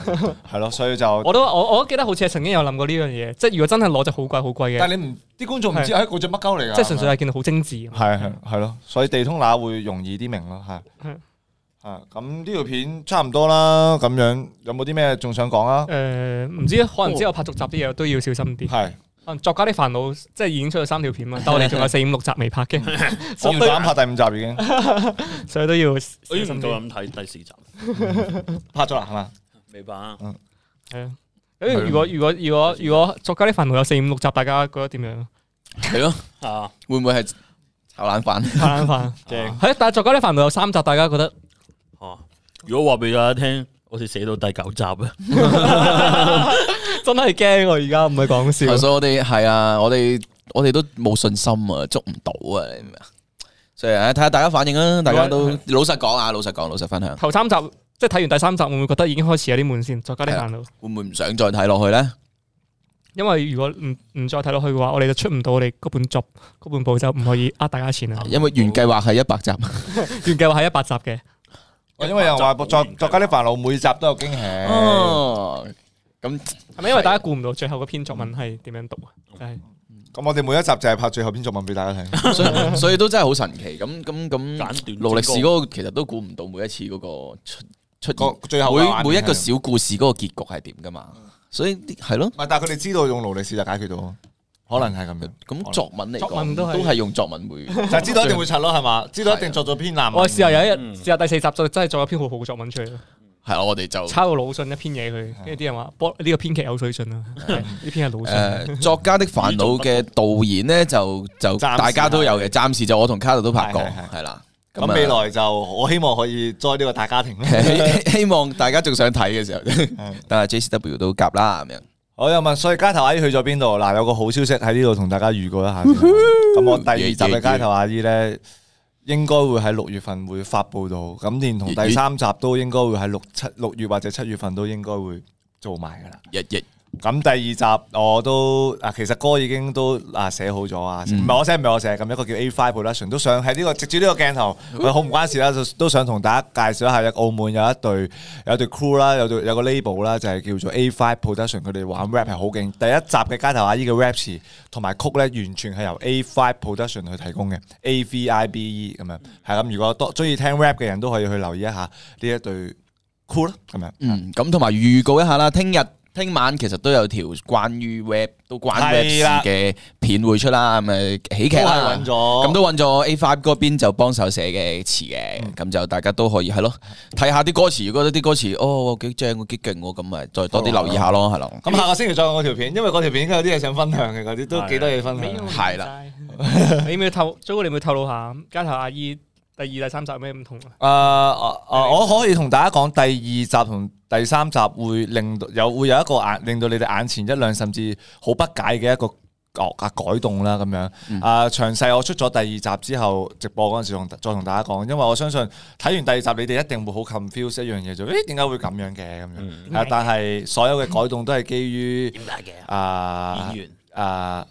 係咯，所以就我都我我都記得好似已經有諗過呢樣嘢，即係如果真係攞隻好貴好貴嘅。但係你唔，啲觀眾唔知係嗰隻乜鳩嚟噶。即係純粹係見到好精緻。係係係咯，所以地通乸會容易啲明咯，係。咁呢條片差唔多啦，咁樣有冇啲咩仲想講啊？誒，唔知可能之後拍續集啲嘢都要小心啲。作家啲煩惱即係已經出咗三條片嘛，但我哋仲有四五六集未拍嘅。我唔敢拍第五集已經，所以都要小心啲咁睇第四集。拍咗啦係嘛？未拍啊？係啊。誒，如果如果如果如果作家的煩惱有四五六集，大家覺得點樣？係咯，會唔會係炒冷飯？炒冷飯，正。係，但係作家的煩惱有三集，大家覺得？哦，如果話俾大家聽，我哋寫到第九集啊，真係驚！我而家唔係講笑。所以，我哋係啊，我哋我哋都冇信心啊，捉唔到啊。所以，睇下大家反應啊。大家都老實講啊，老實講，老實分享。頭三集。即係睇完第三集，會唔會覺得已經開始有啲悶先，作家啲煩惱？會唔會唔想再睇落去咧？因為如果唔唔再睇落去嘅話，我哋就出唔到我哋嗰本作嗰本部，就唔可以呃大家錢啦。因為原計劃係一百集，原計劃係一百集嘅。我因為又話作作家啲煩惱，每集都有驚喜。哦，咁係咪因為大家估唔到最後嗰篇作文係點樣讀啊？咁我哋每一集就係拍最後篇作文俾大家睇，所以所以都真係好神奇。咁咁咁，勞力士嗰個其實都估唔到每一次嗰個。出最後每每一個小故事嗰個結局係點噶嘛？所以係咯，但係佢哋知道用勞力士就解決到，可能係咁樣。咁作文嚟，作文都都係用作文會，就知道一定會拆咯，係嘛？知道一定作咗篇難。我試下有一日，試下第四集就真係做一篇好好嘅作文出嚟咯。係我哋就抄個魯迅一篇嘢去，跟住啲人話，播呢個編劇有水準啊，呢篇係魯迅。作家的煩惱嘅導演呢，就就大家都有嘅，暫時就我同卡特都拍過，係啦。咁未來就我希望可以栽呢個大家庭， 希望大家仲想睇嘅時候， 但係 JCW 都夾啦咁樣。我又問，所以街頭阿姨去咗邊度？嗱，有個好消息喺呢度同大家預告一下。咁 我第二集嘅街頭阿姨呢，應該會喺六月份會發布到，咁連同第三集都應該會喺六七六月或者七月份都應該會做埋噶啦。一億。咁第二集我都啊，其實歌已經都啊寫好咗啊，唔係、嗯、我寫，唔係我寫，咁一個叫 A Five Production 都想喺呢、這個直接呢個鏡頭，好唔關事啦，都想同大家介紹下，澳門有一對有對 Cool 啦,有對 crew，有，對有個 Label 啦，就係叫做 A Five Production，佢哋玩 rap 係好勁，第一集嘅街頭阿姨嘅 rap 詞同埋曲咧，完全係由 A Five Production 去提供嘅 A V I B E 咁樣，係咁，如果多中意聽 rap 嘅人都可以去留意一下呢一對 Cool 啦，咁樣、嗯，咁同埋預告一下啦，聽日。聽晚其實都有條關於 Web 都關 r a 嘅片會出啦，係咪了？喜劇啦，揾咗咁都揾咗 A Five 嗰邊就幫手寫嘅詞嘅，咁、嗯、就大家都可以係咯睇下啲歌詞，如果啲歌詞哦幾正，幾勁，咁咪再多啲留意下咯，係咯。咁了了下個星期再講條片，因為嗰條片應該有啲嘢想分享嘅，嗰啲都幾多嘢分享，係啦了。了你咪透，最後你咪透露， 有透露下街頭阿姨。第二、第三集有咩唔同啊？誒、呃呃、 我可以同大家講，第二集同第三集會令到有會有一個眼，令到你哋眼前一亮，甚至好不解嘅一個角啊改動啦咁樣。誒、嗯呃，詳細我出咗第二集之後直播嗰陣時，同再同大家講，因為我相信睇完第二集，你哋一定會好 confuse 一、哎、樣嘢就誒，點解會咁樣嘅咁樣？誒、嗯啊，但係所有嘅改動都係基於點解嘅啊？演員。啊！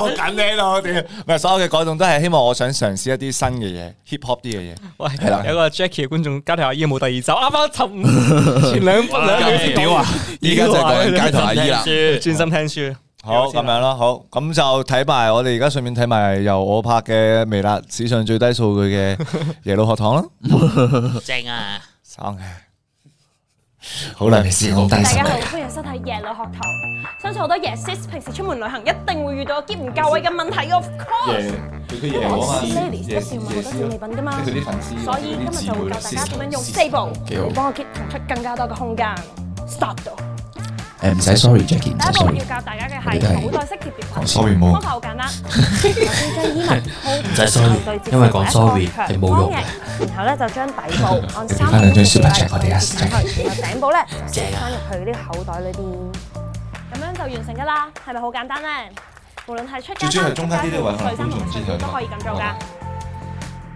我緊呢度，我哋，唔係所有嘅改動都係希望我想嘗試一啲新嘅嘢，hip hop 啲嘅嘢。喂，係啦，有個 Jackie 嘅觀眾街頭阿姨有冇第二集？啱啱沉前兩分兩秒，屌啊！而家就講街頭阿姨啦，專心聽書。好，咁樣咯，好，咁就睇埋我哋而家順便睇埋由我拍嘅微辣史上最低數據嘅耶魯學堂咯。正啊，爽啊！好啦，平時我帶手袋。大家好，歡迎收睇夜魯學堂。相信好多 Yes Sis 平時出門旅行一定會遇到喼唔夠位嘅問題，Of course。佢佢耶魯啊嘛，耶斯耶斯嘅紀念品噶嘛。所以今日就會教大家點樣用四步，幫我喼騰出更加多嘅空間。stop。唔使 sorry Jackie，唔使 sorry。第一步要教大家嘅係口袋式折疊裙，方法好簡單。唔使 sorry，因為講 sorry，係冇用嘅。然後咧就將底部按翻兩張 super cheap，我哋一整。然後頂部咧折翻入去啲口袋裏邊，咁樣就完成噶啦。係咪好簡單咧？無論係出街、出差、隨身，仲唔止都可以咁做噶。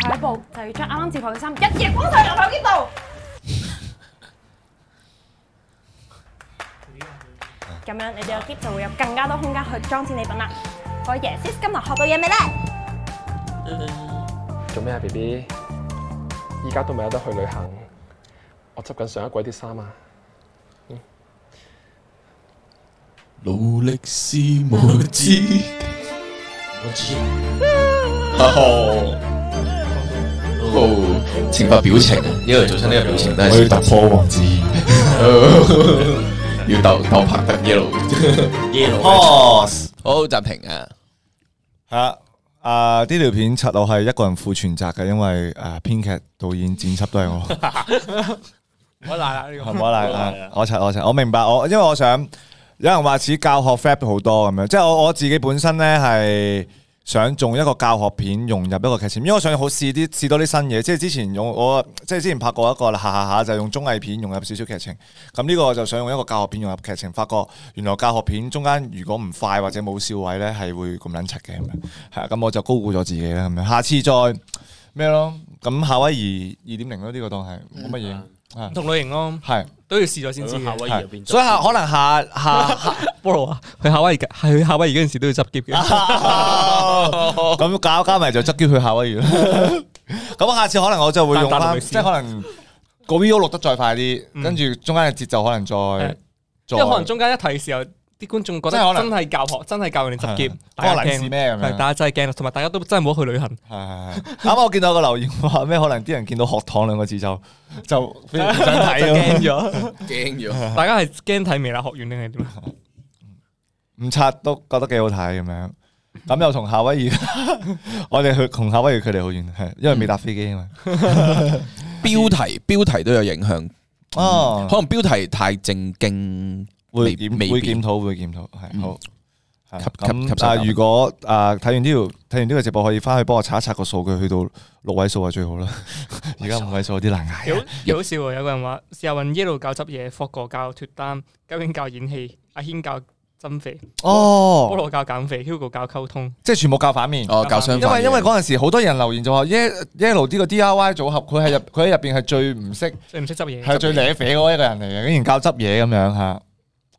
下一步，就要將啱啱自費嘅衫一一放喺呢度。咁樣，你個喼就會有更加多空間去裝置禮品啦。我 yes sis，今日學到嘢未咧？做咩啊，B B？依家都未有得去旅行。我執緊上一季啲衫啊！努力是無知，無知。阿浩。懲罰表情呢，因為做出呢個表情都係要突破王子，嗯、médico ę 要斗斗拍得耶路耶路。hose 好，好暫停啊。係啊，誒，呢條片柒我係一個人負全責嘅，因為誒編、uh，劇、導演、剪輯都係我。好賴啦呢個，我好啦。笑 ables 啊、title，我柒我我明白我，因為我想有人話似教學 f a 好多咁樣，即係我我自己本身咧係。想，做想，用用想用一個教學片融入一個劇情，因為我想好試啲試多啲新嘢，即係之前用我即係之前拍過一個啦，下下下就用綜藝片融入少少劇情，咁呢個就想用一個教學片融入劇情。發覺原來教學片中間如果唔快或者冇笑位呢，係會咁撚柒嘅，係咁我就高估咗自己啦，咁樣，下次再咩咯，咁夏威夷二點零咯，呢個當係冇乜嘢，同類型咯，係、啊。是都要試咗先知夏威夷嘅，所以可能下下菠蘿啊，去夏威夷嘅，係去夏威夷嗰陣時都要執喼嘅。咁搞加埋就執喼去夏威夷啦。咁下次可能我就會用翻即係可能個 VO 錄得再快啲，跟住中間嘅節奏可能再即、嗯嗯、再可能中間一提嘅時候。啲觀眾覺得真係教學，真係教人哋執行，大家驚咩咁樣？係，大家真係驚，同埋大家都真係冇得去旅行。係啱啱我見到個留言話咩？可能啲人見到學堂兩個字就就驚咗，驚咗。大家係驚睇《微辣學院》定係點？唔差，都覺得幾好睇咁樣。咁又同夏威夷，我哋去同夏威夷距離好遠，因為未搭飛機啊嘛。標題標題都有影響哦，可能標題太正經。會檢會檢討會檢討係好，咁啊如果啊睇完呢條睇完呢個直播可以翻去幫我查一查個數據去到六位數係最好啦，而家五位數有啲難捱。有有好笑，有個人話事下問 Yellow 教執嘢，霍 u 教脫單，究竟教演戲，阿軒教增肥，哦 h u 教減肥，Hugo 教溝通，即係全部教反面哦，教雙。因為因為嗰陣時好多人留言就話 Yellow 呢個 D I Y 組合，佢係佢喺入邊係最唔識，最唔識執嘢，係最舐舐嗰一個人嚟嘅，竟然教執嘢咁樣吓。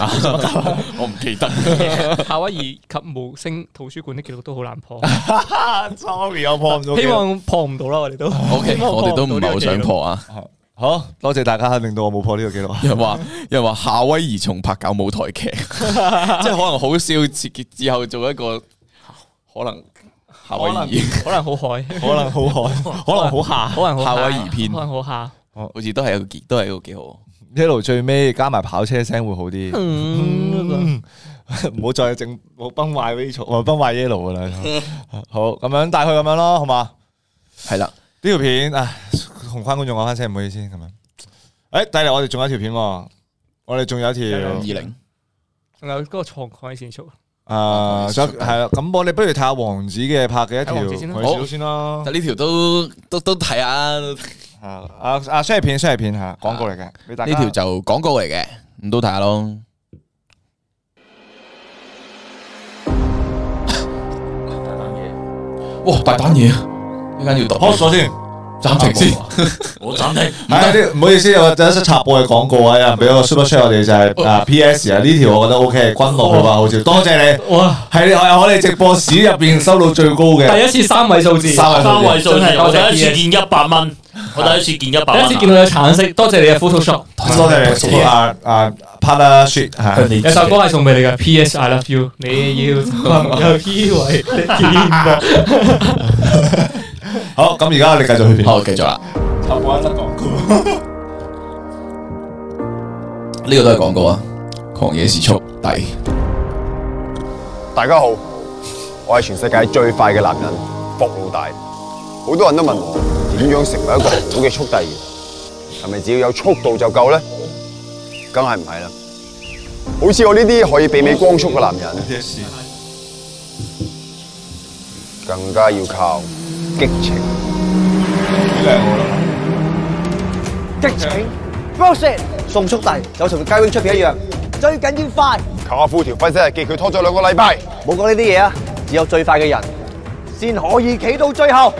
我唔記得 夏威夷及無聲圖書館啲記錄都好難破 ，Sorry，我破唔到。希望破唔到啦。我哋都，OK，我哋都唔係好想破啊 好！好多謝大家令到我冇破呢個記錄。又話又話夏威夷重拍搞舞台劇， 即係可能好少結之後做一個可能夏威夷， 可能好海，可能好海， 可能好下，可能夏威夷片，可能好下。好似都係一個結，都係一個幾好。一路最尾加埋跑車聲會好啲，唔好再整冇崩壞 blue 我崩壞 yellow 噶啦。好咁樣帶去咁樣咯，好嘛了？係啦，呢條片啊，同觀觀眾講翻聲，唔好意思咁樣。誒，帶嚟我哋仲有一條片，我哋仲有一條二零，仲、呃、有嗰個創曠嘅時速。誒，係啦，咁我哋不如睇下王子嘅拍嘅一條，先好先咯。啊好，呢條都都都睇下。啊啊！商業片、商業片吓，廣告嚟嘅。呢條就廣告嚟嘅，唔都睇下咯。哇！大單嘢，呢間要倒好晒先，暫停先。我暫停。唔該唔好意思，我等一插播嘅廣告啊，又唔俾我 Super Chat，我哋就係啊 PS 啊，呢條我覺得 OK，軍樂啊嘛，好笑。多謝你。哇！係我我哋直播史入邊收到最高嘅，第一次三位數字，三位數字，我第一次見一百蚊。我第一次見一百，第一次見到佢嘅橙色，多謝你嘅 Photoshop，多謝你送阿阿 Pala 雪，係有首歌係送俾你嘅、啊、，PS I love you，你要有機會見啊！好，咁而家你繼續去邊？好繼續啦，插播一則廣告！呢 個都係廣告啊！狂野時速，第大家好，我係全世界最快嘅男人，福老大，好多人都問我。點樣成為一個好嘅速遞員？係咪只要有速度就夠咧？梗係唔係啦！好似我呢啲可以媲美光速嘅男人，更加要靠激情。激情，bullshit！送速遞就同佳威出嘅一樣，最緊要快。卡夫條婚車，記佢拖咗兩個禮拜。冇講呢啲嘢啊！只有最快嘅人，先可以企到最後。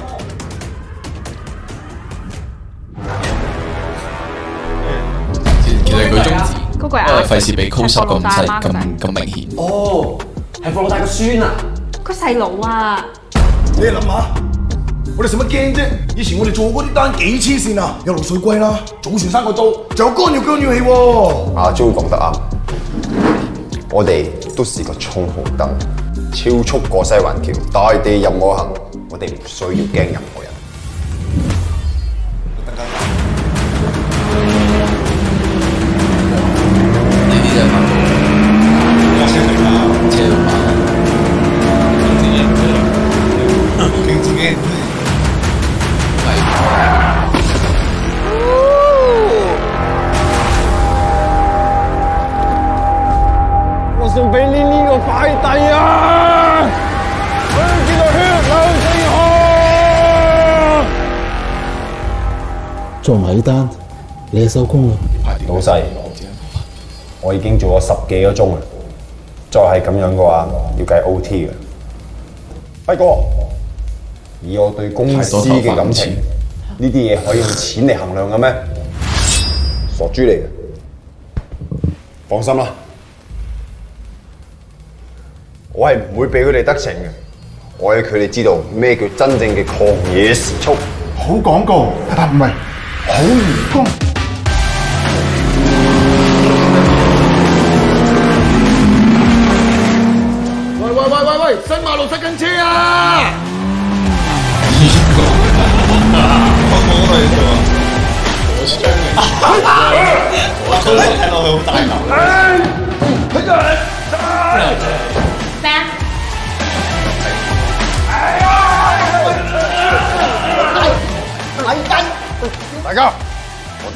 都係費事俾枯濕咁犀利咁明顯。哦，係放大個孫啊！個細佬啊！你諗下，我哋使乜驚啫？以前我哋做嗰啲單幾黐線啊，有露水龜啦，早上生個刀，仲有干肉干肉氣。阿朱講得啱，我哋都試過衝紅燈，超速過西環橋，大地任我行，我哋唔需要驚人。我送俾你呢個快遞啊！做埋呢單，你收工啦，老細。我已經做咗十幾個鐘啦，再係咁樣嘅話，要計 OT 嘅。輝哥。以我對公司嘅感情，呢啲嘢可以用錢嚟衡量嘅咩？傻豬嚟嘅，放心啦，我係唔會俾佢哋得逞嘅。我要佢哋知道咩叫真正嘅狂野時速。好廣告唔係好愚公。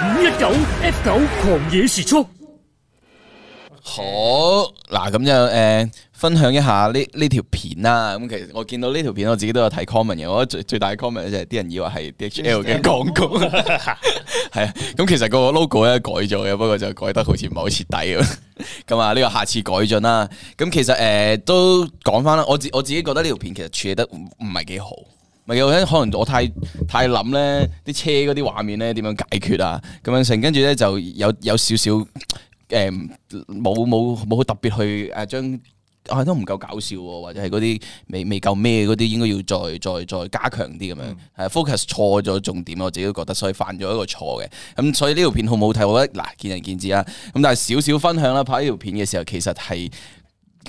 五一九 F 九狂野時速，好嗱咁就誒、呃、分享一下呢呢條片啦。咁其實我見到呢條片我自己都有睇 comment 嘅。我覺得最最大 comment 就係啲人以為係 DHL 嘅廣告。係啊，咁其實個 logo 咧改咗嘅，不過就改得好似唔係好徹底咁啊。呢、嗯、個下次改進啦。咁其實誒、呃、都講翻啦。我自我自己覺得呢條片其實處理得唔唔係幾好。可能我太太諗咧，啲車嗰啲畫面咧，點樣解決啊？咁樣成，跟住咧就有有少少誒，冇冇冇特別去誒，將、啊啊、都唔夠搞笑、啊，或者係嗰啲未未夠咩嗰啲，應該要再再再加強啲咁樣、嗯啊、，focus 錯咗重點，我自己都覺得，所以犯咗一個錯嘅。咁、嗯、所以呢條片好唔好睇？我覺得嗱，見仁見智啦、啊。咁但係少少分享啦、啊，拍呢條片嘅時候，其實係。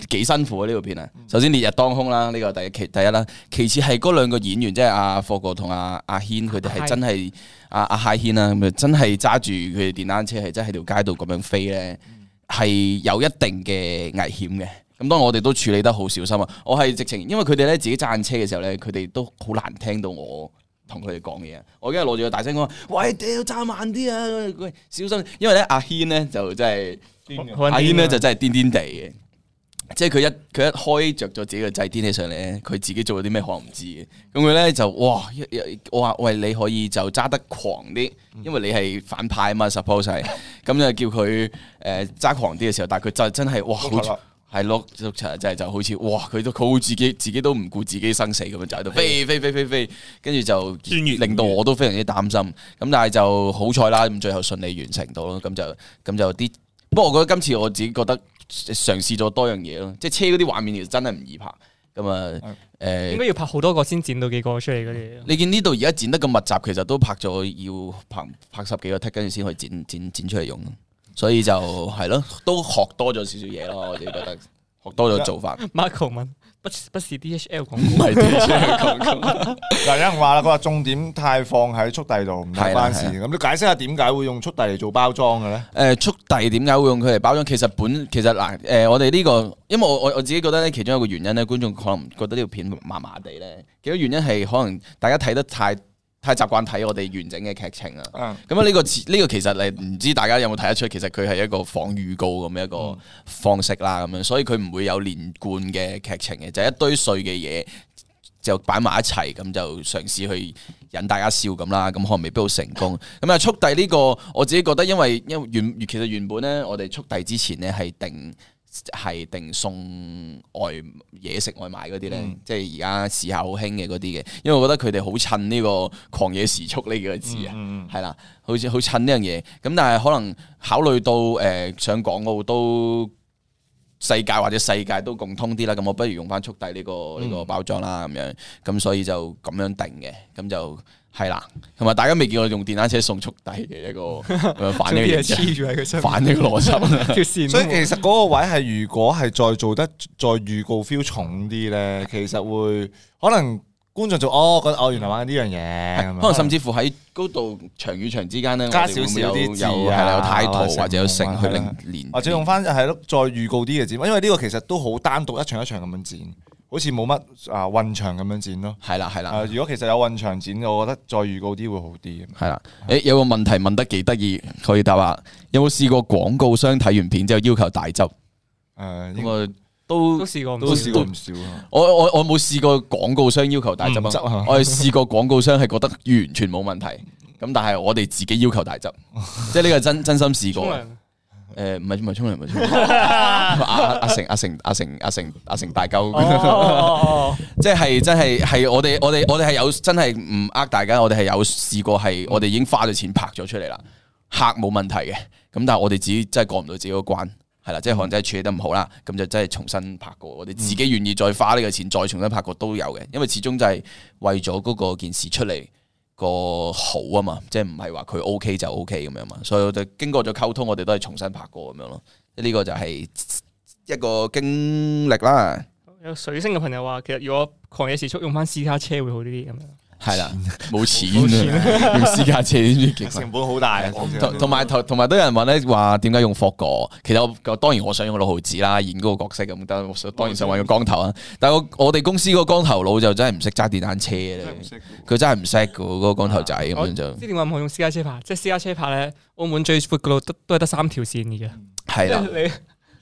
幾辛苦啊！呢部片啊，首先烈日當空啦，呢個第一期第一啦，其次係嗰兩個演員，即係阿霍哥同阿、啊啊、阿軒佢哋係真係阿阿嗨軒啦，咁啊真係揸住佢哋電單車係真係喺條街度咁樣飛咧，係有一定嘅危險嘅。咁當然我哋都處理得好小心啊。我係直情，因為佢哋咧自己揸緊車嘅時候咧，佢哋都好難聽到我同佢哋講嘢。我而家攞住個大聲講，喂，掉揸慢啲啊，小心！因為咧阿軒咧就真係阿軒咧就真係癲癲地嘅。即係佢一佢一開着咗自己嘅掣，癲起上嚟，佢自己做咗啲咩可能唔知嘅。咁佢咧就哇一一我話喂，你可以就揸得狂啲，因為你係反派啊嘛，suppose 係咁、嗯、 就叫佢誒揸狂啲嘅時候。但係佢就真係哇，係咯碌柒，就係就好似哇，佢都好自己自己都唔顧自己生死咁樣就喺度飛飛飛飛飛，跟住是就業令到我都非常之擔心。咁但係就好彩啦，咁最後順利完成到咯，咁就咁就啲。不過我覺得今次我自己覺得。嘗試咗多樣嘢咯，即係車嗰啲畫面其實真係唔易拍，咁、嗯、啊，誒，應該要拍好多個先剪到幾個出嚟嗰啲。嗯、你見呢度而家剪得咁密集，其實都拍咗要拍拍十幾個剔，跟住先可以剪剪剪出嚟用，所以就係咯， 都學多咗少少嘢咯， 我哋覺得學多咗做法。 不不是 DHL 廣告，唔係 DHL 廣告。嗱，有人話啦，佢話重點太放喺速遞度，唔關事。咁你解釋下點解會用速遞嚟做包裝嘅咧？誒、呃，速遞點解會用佢嚟包裝？其實本其實嗱，誒、呃，我哋呢、這個，因為我我我自己覺得咧，其中一個原因咧，觀眾可能覺得呢條片麻麻地咧，其實原因係可能大家睇得太。太習慣睇我哋完整嘅劇情啦，咁啊呢個呢個其實你唔知大家有冇睇得出，其實佢係一個仿預告咁樣一個方式啦，咁、嗯、樣，所以佢唔會有連貫嘅劇情嘅，就係一堆碎嘅嘢就擺埋一齊，咁就嘗試去引大家笑咁啦，咁可能未必好成功。咁啊 速遞呢個我自己覺得因，因為因原其實原本咧，我哋速遞之前呢係定。係定送外野食外賣嗰啲咧，嗯、即係而家時下好興嘅嗰啲嘅，因為我覺得佢哋好襯呢個狂野時速呢幾個字啊，係啦、嗯嗯，好似好襯呢樣嘢。咁但係可能考慮到誒想港澳都世界或者世界都共通啲啦，咁我不如用翻速遞呢、呢個呢、嗯、個包裝啦，咁樣，咁所以就咁樣定嘅，咁就。係啦，同埋大家未見過用電單車送速遞嘅一個 反呢 反呢個邏輯， 所以其實嗰個位係如果係再做得再預告 feel 重啲咧， 其實會可能。觀眾就哦，咁哦，原來玩緊呢樣嘢，可能甚至乎喺嗰度場與場之間咧，加少少啲字啊，係啦，有態度或者有性去令連，或者用翻係咯，再預告啲嘅剪，因為呢個其實都好單獨一場一場咁樣剪，好似冇乜啊混場咁樣剪咯，係啦係啦。如果其實有混場剪，我覺得再預告啲會好啲。係啦，誒有個問題問得幾得意可以答啊？有冇試過廣告商睇完片之後要求大執？誒呢個。都都試過，都試過唔少，我我我冇試過廣告商要求大執啊！行我哋試過廣告商係覺得完全冇問題，咁但係我哋自己要求大執， 即係呢個真真心試過嘅。誒唔係唔係沖涼，唔係阿阿成阿、啊、成阿、啊、成阿、啊、成阿成大鳩，即係真係係我哋我哋我哋係有真係唔呃大家，我哋係有試過係我哋已經花咗錢拍咗出嚟啦，客冇問題嘅，咁但係我哋自己真係過唔到自己個關。係啦，即係可能真係處理得唔好啦，咁、嗯、就真係重新拍過。嗯、我哋自己願意再花呢個錢，再重新拍過都有嘅。因為始終就係為咗嗰個件事出嚟個好啊嘛，即係唔係話佢 OK 就 OK 咁樣嘛。所以我就經過咗溝通，我哋都係重新拍過咁樣咯。呢、這個就係一個經歷啦。有水星嘅朋友話，其實如果狂野時速用翻私家車會好啲啲咁樣。係啦，冇錢、啊錢啊、用私家車其實成本好大，同同埋同埋都有人問咧，話點解用霍哥？其實我當然我想用六毫紙啦，演嗰個角色咁得。我當然想揾個光頭啊，但係我我哋公司嗰個光頭佬就真係唔識揸電單車咧，佢真係唔識噶嗰個光頭仔咁樣就。即點解唔好用私家車牌，即係私家車牌咧，澳門最闊嗰度都係得三條綫嘅。係啦。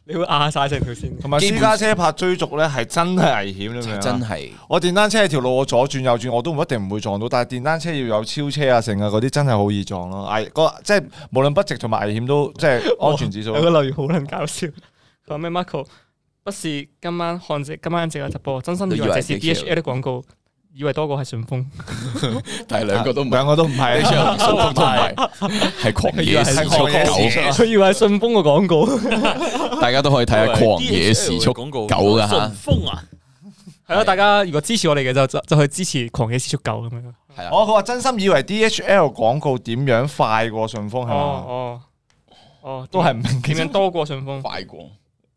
你會嗌晒聲佢先，同埋私家車拍追逐咧係真係危險，真係，我電單車條路我左轉右轉我都唔一定唔會撞到，但係電單車要有超車啊、剩啊嗰啲真係好易撞咯。唉是，那個即係無論不值同埋危險都即係安全指數。 有個留言好撚搞笑，佢話咩 Michael 不是今晚看只今晚只個直播，真心都以為是，是 DHL 的廣告。以為多過係順豐，但係兩個都唔兩個都唔係，順豐都唔係，係狂野時速9。佢以為係順豐嘅廣告，大家都可以睇下狂野時速廣告9嘅吓。順豐啊，係啦，大家如果支持我哋嘅就就去支持狂野時速9咁樣。係啊，我佢話真心以為 DHL 廣告點樣快過順豐係嘛？哦哦，都係唔明點樣多過順豐快過？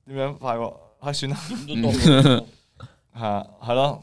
點樣快過？唉，算啦，係係咯。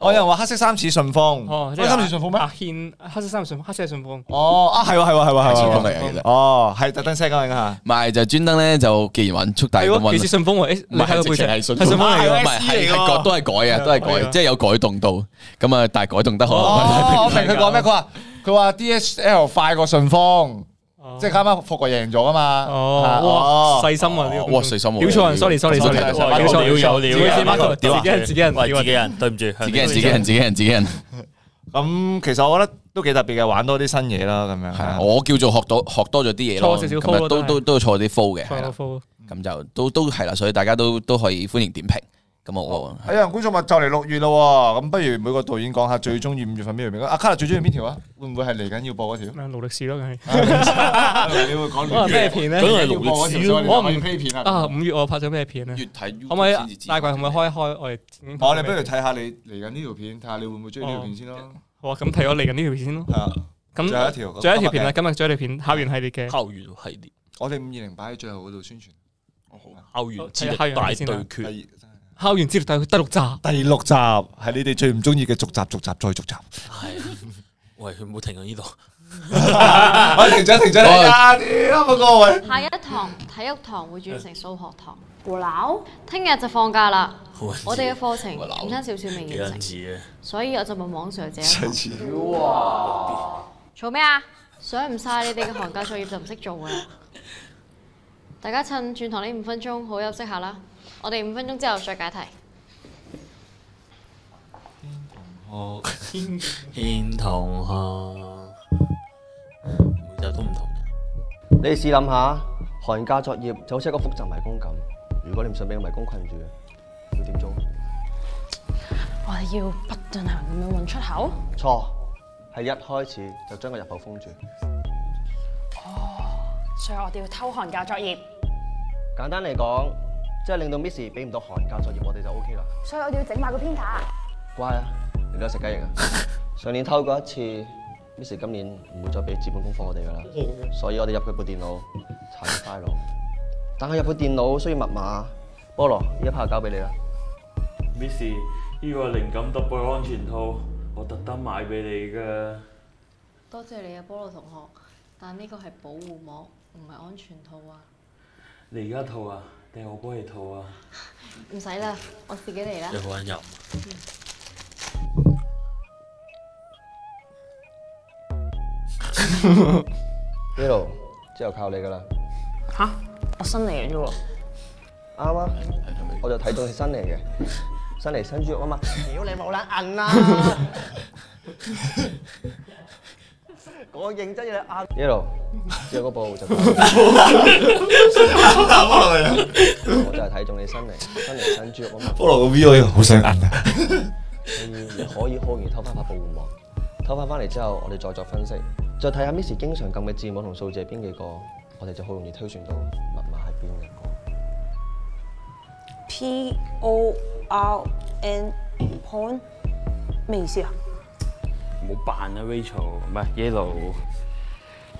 我有人話黑色三似順豐，黑色三似順豐咩？阿憲，黑色三似順豐，黑色係順豐。哦，啊，係，係，係，係，哦，係特登 s 寫噶，應該係。唔係就專登咧，就既然揾速遞咁，其實順豐為唔係，係完全係順豐嚟噶。唔係，係都係改啊，都係改，即係有改動到咁啊，但係改動得好。哦，我明佢講咩？佢話佢話 DHL 快過順豐。即係啱啱復國贏咗啊嘛！哦，哇，細心喎，哇，細心冇，表錯啊，sorry，sorry，sorry，表錯人，自己人，自己人，對唔住，自己人，自己人，自己人，自己人。咁其實我覺得都幾特別嘅，玩多啲新嘢啦。咁樣，我叫做學多學多咗啲嘢咯。錯少少，都都都有錯啲 full 嘅，咁就都都係啦。所以大家都都可以歡迎點評。咁我喎，喺觀眾，咪就嚟六月咯，咁不如每個導演講下最中意五月份邊條片。阿卡啦最中意邊條啊？會唔會係嚟緊要播嗰條？勞力士咯，梗係。你會講咩片咧？梗係勞力士咯，我唔片啊。五月我拍咗咩片咧？五月睇，可唔可以大概同我開一開我哋？我哋不如睇下你嚟緊呢條片，睇下你會唔會中意呢條片先咯。好啊，咁睇我嚟緊呢條片先咯。咁，仲有一條，仲有一條片啦。今日最後一條片，考完系列嘅。考完系列，我哋五二零擺喺最後嗰度宣傳。我好啊。考完大對決。考完之後睇佢第六集。第六集係你哋最唔中意嘅續集，續集再續集。係，喂，佢唔好停喺呢度。停停。下一堂體育堂會轉成數學堂。胡鬧，聽日就放假啦。我哋嘅課程簡單少少名言詞。所以我就問網上 Sir 借。少做咩啊？想唔晒你哋嘅寒假作業就唔識做啊！大家趁轉堂呢五分鐘好休息下啦。我哋五分鐘之後再解題。同學，欠同學，又都唔同。你試諗下，寒假作業就好似一個複雜迷宮咁。如果你唔想俾個迷宮困住，要點做？我哋要不斷行咁樣揾出口？錯，係一開始就將個入口封住。哦，所以我哋要偷寒假作業。簡單嚟講。即係令到 Miss 俾唔到寒假作業，我哋就 OK 啦。所以我哋要整壞個 printer 啊！乖啊，嚟到食雞翼啊！上年偷過一次，Miss 今年唔會再俾紙本功課我哋噶啦。所以我哋入佢部電腦查 file，但係入佢電腦需要密碼。菠蘿，呢一 part 交俾你啦。Miss，呢個靈感 double 安全套，我特登買俾你噶。多謝你啊，菠蘿同學，但係呢個係保護膜，唔係安全套啊。你而家套啊？定我幫你套啊！唔使啦，我自己嚟啦。你好難入。呢度，之後靠你噶啦。吓！我新嚟嘅啫喎。啱啊！我就睇到你新嚟嘅，新嚟新豬肉啊嘛。屌你冇撚銀啊！我認真嘅阿 yellow，只有嗰部就 我就係睇中你新嚟，新嚟新豬肉啊嘛。follow 個 view 好上眼啊。 你可以可以，可以偷翻發保護網，偷翻翻嚟之後，我哋再作分析，再睇下 Miss 經常撳嘅字母同數字係邊幾個，我哋就好容易推算到密碼係邊一個。P O R N porn，咩意思啊？冇扮啊 Rachel，唔係 Yellow。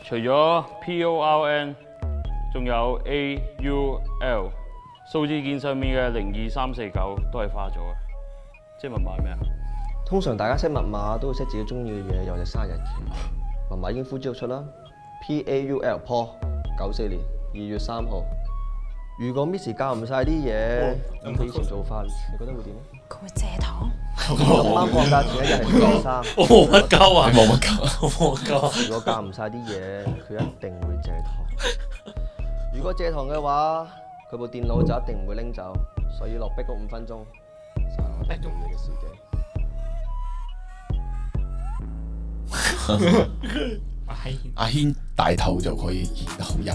除咗 P O R N，仲有 A U L。數字鍵上面嘅零二三四九都係花咗嘅。即密碼係咩啊？通常大家識密碼都會識自己中意嘅嘢，又或者生日。密碼已經呼之欲出啦。P A U L Paul，九四年二月三號。如果 Miss 教唔晒啲嘢，咁佢以前做法，你覺得會點咧？佢會借糖？我啱放假前一日係高三，我冇乜交啊，冇乜交，冇乜交。如果教唔曬啲嘢，佢一定會借糖。如果借糖嘅話，佢部電腦就一定唔會拎走，所以落逼嗰五分鐘，啱啱中意嘅事。阿軒，阿軒大頭就可以顯得好陰。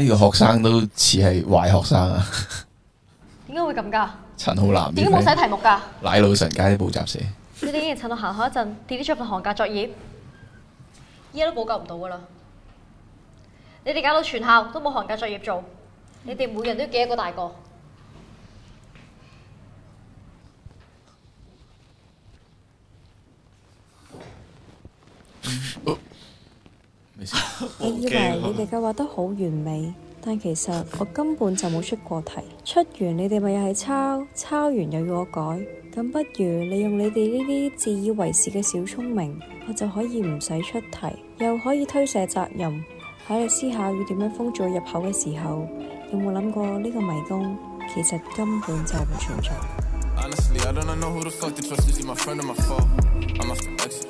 呢個學生都似係壞學生啊！點解會咁㗎？陳浩南點解冇寫題目㗎？奶老神街啲補習社 你。你哋已經趁到行下一陣，跌啲出份寒假作業，依家都補救唔到㗎啦。你哋搞到全校都冇寒假作業做，你哋每人都幾多個大個？我 以為你哋計劃得好完美，但其實我根本就冇出過題。出完你哋咪又係抄，抄完又要我改，咁不如利用你哋呢啲自以為是嘅小聰明，我就可以唔使出題，又可以推卸責任。喺你思考要點樣封住入口嘅時候，有冇諗過呢個迷宮其實根本就唔存在？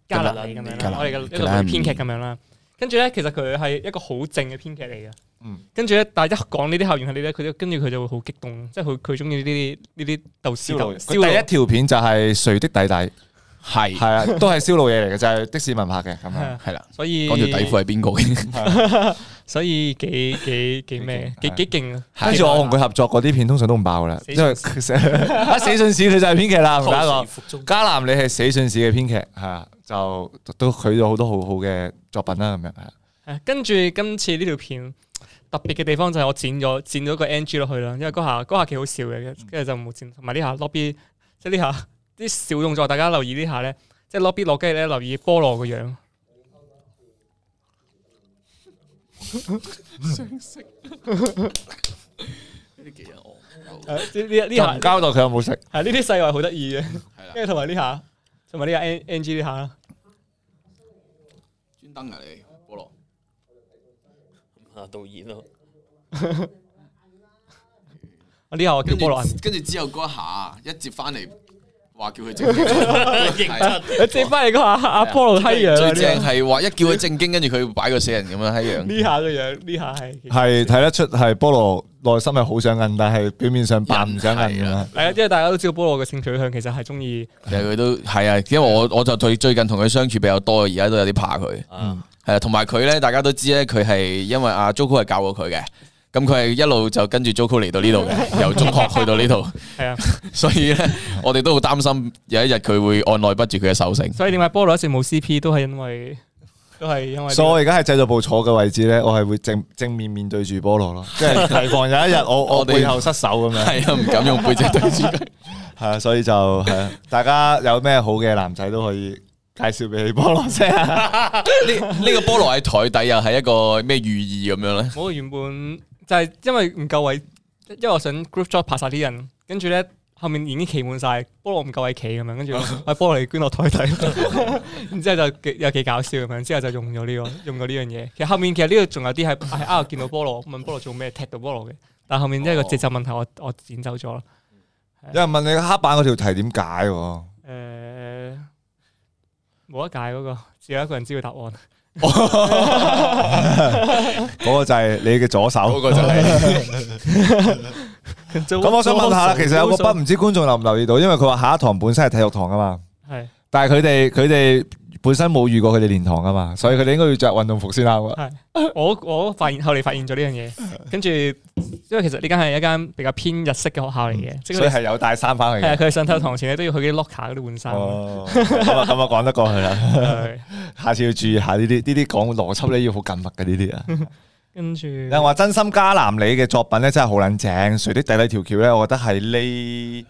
嘉南你咁樣啦，我哋嘅一個編劇咁樣啦，跟住咧其實佢係一個好正嘅編劇嚟嘅，嗯，跟住咧但係一講呢啲校園戲咧，佢跟住佢就會好激動，即係佢佢中意呢啲呢啲鬥士。第一條片就係誰的弟弟，係係啊，都係燒腦嘢嚟嘅，就係的士文化嘅咁樣，係啦。所以嗰條底褲係邊個嘅？所以幾幾幾咩？幾幾勁啊！跟住我同佢合作嗰啲片通常都唔爆啦，因為啊死信史佢就係編劇啦，同大家講。嘉南你係死信史嘅編劇係啊。就都佢咗好多好好嘅作品啦，咁樣係。跟住今次呢條片特別嘅地方就係我剪咗剪咗個 NG 落去啦，因為嗰下嗰下幾好笑嘅，跟住就冇剪。同埋呢下 lobby 即係呢下啲小動作，大家留意呢下咧，即係 lobby 落。跟住咧，留意菠蘿個樣。想食呢啲幾日憨呢呢呢下交代佢有冇食？呢啲細位好得意嘅，跟住同埋呢下，同埋呢下 NG 呢下啦。登啊你，菠蘿，啊導演咯，啊呢下我叫菠蘿，跟住之後嗰一下，一接翻嚟。 話叫佢正經， 認真出。你借翻嚟個阿阿波羅閪樣，最正係話一叫佢正經，跟住佢擺個死人咁樣閪 樣。呢下嘅樣，呢下係係睇得出係波羅內心係好想硬，但係表面上扮唔想硬嘅。係啊，因為大家都知道波羅嘅性取向，其實係中意。其實佢都係啊，因為我我就最最近同佢相處比較多，而家都有啲怕佢。嗯，係同埋佢咧，大家都知咧，佢係因為阿 Jo 哥係教過佢嘅。咁佢係一路就跟住 Joey 嚟到呢度嘅，由中學去到呢度，係啊，所以咧我哋都好擔心有一日佢會按捺不住佢嘅手性。所以點解菠蘿一直冇 CP 都係因為都係因為。所以我而家喺製作部坐嘅位置咧，我係會正正面面對住菠蘿咯，即係提防有一日我我背後失手咁樣，係啊，唔敢用背脊對住佢。係啊，所以就係啊，大家有咩好嘅男仔都可以介紹俾你菠蘿先啊。呢呢個菠蘿喺台底又係一個咩寓意咁樣咧？我原本。但係因為唔夠位，因為我想 group job 拍晒啲人，跟住咧後面已經企滿晒，菠羅唔夠位企咁樣，跟住我菠羅嚟捐落台底，然 之後就幾又幾搞笑咁樣，之後就用咗呢、這個，用咗呢樣嘢。其實後面其實呢度仲有啲係 out 見到菠羅，問菠羅做咩踢到菠羅嘅，但係後面因為個節奏問題我，我我剪走咗。有人問你黑板嗰條題點解？誒、呃，冇得解嗰、那個，只有一個人知道答案。嗰 個就係你嘅左手，嗰 個就係。咁 我想問下啦，其實有個不唔知觀眾留唔留意到？因為佢話下一堂本身係體育堂啊嘛，係，但係佢哋佢哋。本身冇遇過佢哋連堂噶嘛，所以佢哋應該要着運動服先啱。我我發現後嚟發現咗呢樣嘢，跟住因為其實呢間係一間比較偏日式嘅學校嚟嘅，所以係有帶衫翻去。係佢上透堂前都要去啲 locker 嗰度換衫。咁啊咁啊，講得過去啦。下次要注意下呢啲呢啲講邏輯咧要好緊密嘅呢啲啊。跟住有人話真心加南李嘅作品咧真係好撚正，誰的第幾條橋咧？我覺得係呢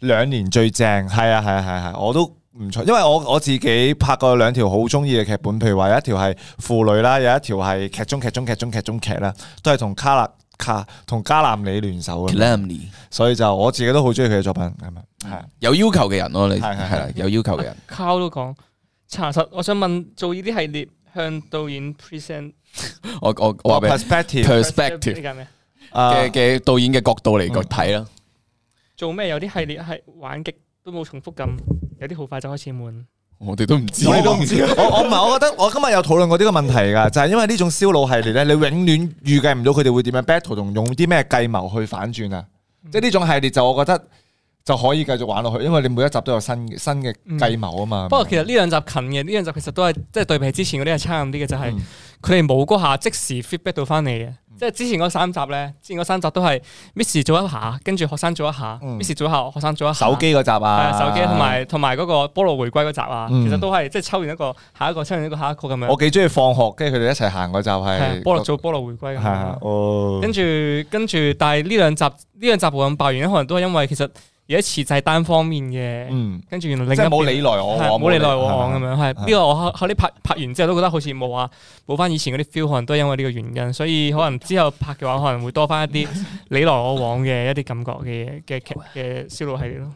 兩年最正。係啊係啊係係，我都。唔錯，因為我我自己拍過兩條好中意嘅劇本，譬如話有一條係父女啦，有一條係劇中劇中劇中劇中劇啦，都係同卡納卡同加南里聯手嘅，所以就我自己都好中意佢嘅作品，係咪？係有要求嘅人咯，你係係啦，有要求嘅人。Carl 都講，查實，我想問做呢啲系列向導演 present，我我我話 perspective perspective 咩？嘅導演嘅角度嚟睇啦，做咩有啲系列係玩極？都冇重複感，有啲好快就開始悶。我哋都唔知，我唔知。我我唔係，覺得我今日有討論過呢個問題㗎，就係因為呢種燒腦系列咧，你永遠預計唔到佢哋會點樣 battle，同用啲咩計謀去反轉啊！即係呢種系列就我覺得就可以繼續玩落去，因為你每一集都有新新嘅計謀啊嘛。嗯、不過其實呢兩集近嘅，呢兩集其實都係即係對比之前嗰啲係差啲嘅，就係佢哋冇嗰下即時 feedback 到翻嚟嘅。即係之前嗰三集咧，之前嗰三集都係 Miss 做一下，跟住學生做一下，Miss、嗯、做一下，學生做一下。手機嗰集啊，手機同埋同埋嗰個菠蘿回歸嗰集啊，嗯、其實都係即係抽完一個下一個，抽完一個下一個咁樣。我幾中意放學跟住佢哋一齊行嗰集係。菠蘿做菠蘿回歸咁樣、啊。哦。跟住跟住，但係呢兩集呢兩集冇咁爆，完，可能都係因為其實。而家就係單方面嘅，跟住原來另一邊冇你來我往，冇你來我往咁樣。係呢、呢個我喺啲拍拍完之後都覺得好似冇話冇翻以前嗰啲 feel，可能都因為呢個原因。所以可能之後拍嘅話可能會多翻一啲你來我,我往嘅一啲感覺嘅嘅劇嘅消路係咯。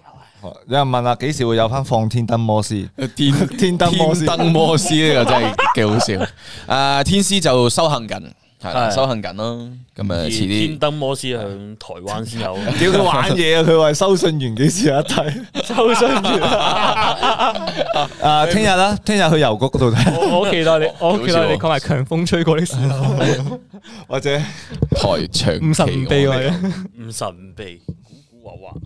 有人 問啊，幾時會有翻放天燈摩斯？ 天燈 天燈摩斯呢個真係幾好笑。誒、呃，天師就修行緊。係修行緊咯，咁啊，遲啲。天燈摩斯響台灣先有。屌佢玩嘢啊！佢話收信員幾時一睇？收信員啊！聽日啦，聽日去郵局嗰度睇。我好期待你，我好期待你講埋強風吹過啲時候，或者台長唔神秘喎，唔神秘，古古惑惑。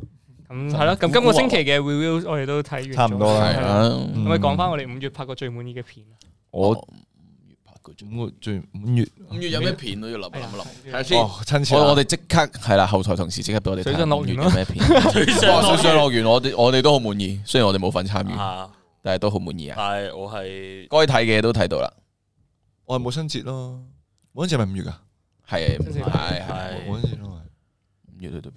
咁係咯。咁今個星期嘅 review 我哋都睇完，差唔多啦。係啊，可唔可以講翻我哋五月拍過最滿意嘅片我。五月，五月有咩片？都要諗諗諗。睇我哋即刻係啦，後台同事即刻俾我哋。睇。水上樂園叫咩片？水上樂園，我哋我哋都好滿意，雖然我哋冇份參與，但係都好滿意啊。但係我係該睇嘅都睇到啦。我係母親節咯。母親節係咪五月噶係係係。母親節係五月去到邊？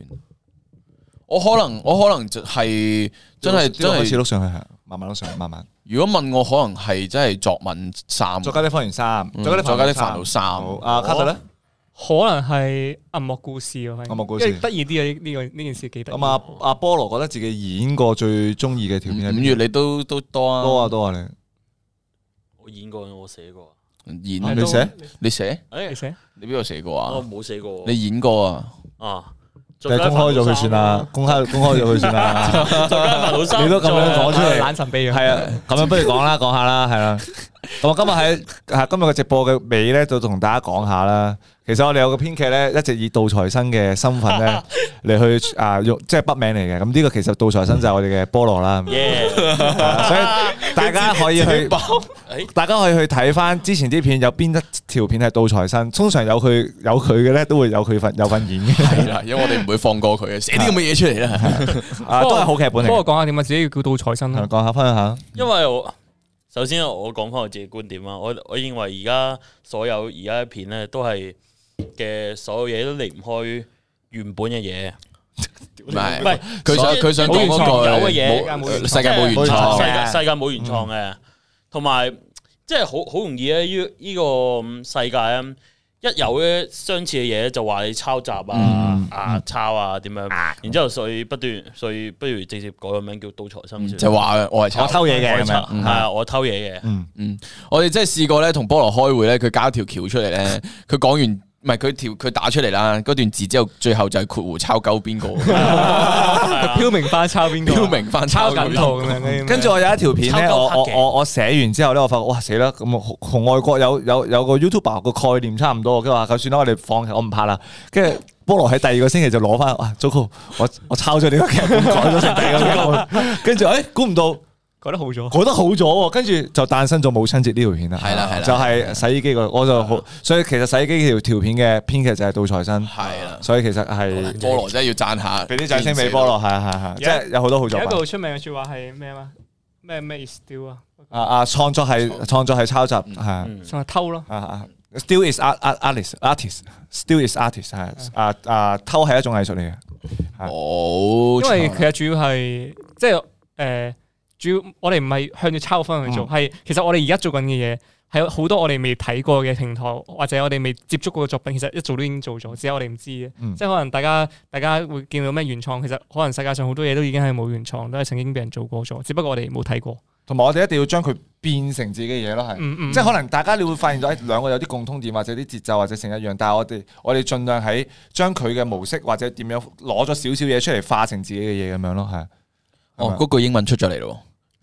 我可能我可能就係真係真係開碌上去，慢慢碌上去，慢慢。如果問我可能係真係作文三，作家的方言三，作家的煩惱三。阿卡特咧，可能係暗幕故事啊，暗幕故事。得意啲啊，呢個呢件事幾得意。咁阿阿波羅覺得自己演過最中意嘅條片五月你都都多啊，多啊多啊你。我演過，我寫過。演你寫你寫，你寫你邊度寫過啊？我冇寫過。你演過啊？啊。你公開咗佢算啦，公開 公開咗佢算啦。你都咁樣講出嚟，懶神秘啊，係啊，咁樣不如講啦，講 下啦，係啦，啊。咁我今日喺今日嘅直播嘅尾咧，就同大家講下啦。其實我哋有個編劇咧，一直以杜財生嘅身份咧嚟去啊，即係筆名嚟嘅。咁呢個其實杜財生就係我哋嘅菠蘿啦。所以大家可以去，大家可以去睇翻之前啲片有邊條片係杜財生。通常有佢有佢嘅咧，都會有佢份有份演嘅。係啦，因為我哋唔會放過佢，寫啲咁嘅嘢出嚟啦。啊，都係好劇本嚟。不過講下點解？自己要叫杜財生啊？講下分享下，因為我。首先我講翻我自己觀點啊，我我認為而家所有而家片咧都係嘅，所有嘢都離唔開原本嘅嘢，唔係佢想佢想當、嗰個、有嘅嘢，世界冇原創，世界冇原創嘅，同埋即係好好容易啊！呢呢個世界啊。一有咧相似嘅嘢，就話你抄襲啊、嗯、啊抄啊點樣？然之後所以不斷，所以不如直接改個名叫盜財生。就話、是、我係我偷嘢嘅，係嗎啊，我偷嘢嘅。嗯嗯，我哋真係試過咧，同菠蘿開會咧，佢搞條橋出嚟咧，佢講 完。唔係佢條佢打出嚟啦，嗰段字之後，最後就係括弧抄鳩邊個？ 飄明花抄邊個、啊？飄明花抄緊套。嗯嗯嗯、跟住我有一條片咧，我我我我寫完之後咧，我發覺哇死啦！咁同外國有有有個 YouTuber 個概念差唔多，跟住話就算啦，我哋放我唔拍啦。跟住菠蘿喺第二個星期就攞翻，哇、啊！糟糕，我我抄咗呢個劇本改咗成第個， 跟住誒估唔到。覺得好咗，覺得好咗，跟住就誕生咗母親節呢條片啦。係啦，係啦，就係洗衣機度。我就好，所以其實洗衣機條條片嘅編劇就係杜財新。係啦，所以其實係菠蘿真係要讚下，俾啲掌聲俾菠蘿，係啊，係係，即係有好多好作品。有一個好出名嘅説話係咩啊？咩咩 still 啊？啊啊！創作係創作係抄襲係，想偷咯。Steal is artist artist steal is artist 係啊啊！偷係一種藝術嚟嘅，好。因為其實主要係即係誒。主要我哋唔係向住抄嘅方向去做，係、嗯、其實我哋而家做緊嘅嘢係好多我哋未睇過嘅平台，或者我哋未接觸過嘅作品，其實一早都已經做咗，只係我哋唔知嘅。嗯、即係可能大家大家會見到咩原創？其實可能世界上好多嘢都已經係冇原創，都係曾經俾人做過咗，只不過我哋冇睇過。同埋我哋一定要將佢變成自己嘅嘢咯，係，嗯嗯、即係可能大家你會發現到誒，兩、哎、個有啲共通點，或者啲節奏或者成一樣，但係我哋我哋盡量喺將佢嘅模式或者點樣攞咗少少嘢出嚟，化成自己嘅嘢咁樣咯，係。哦，嗰、那個、英文出咗嚟咯。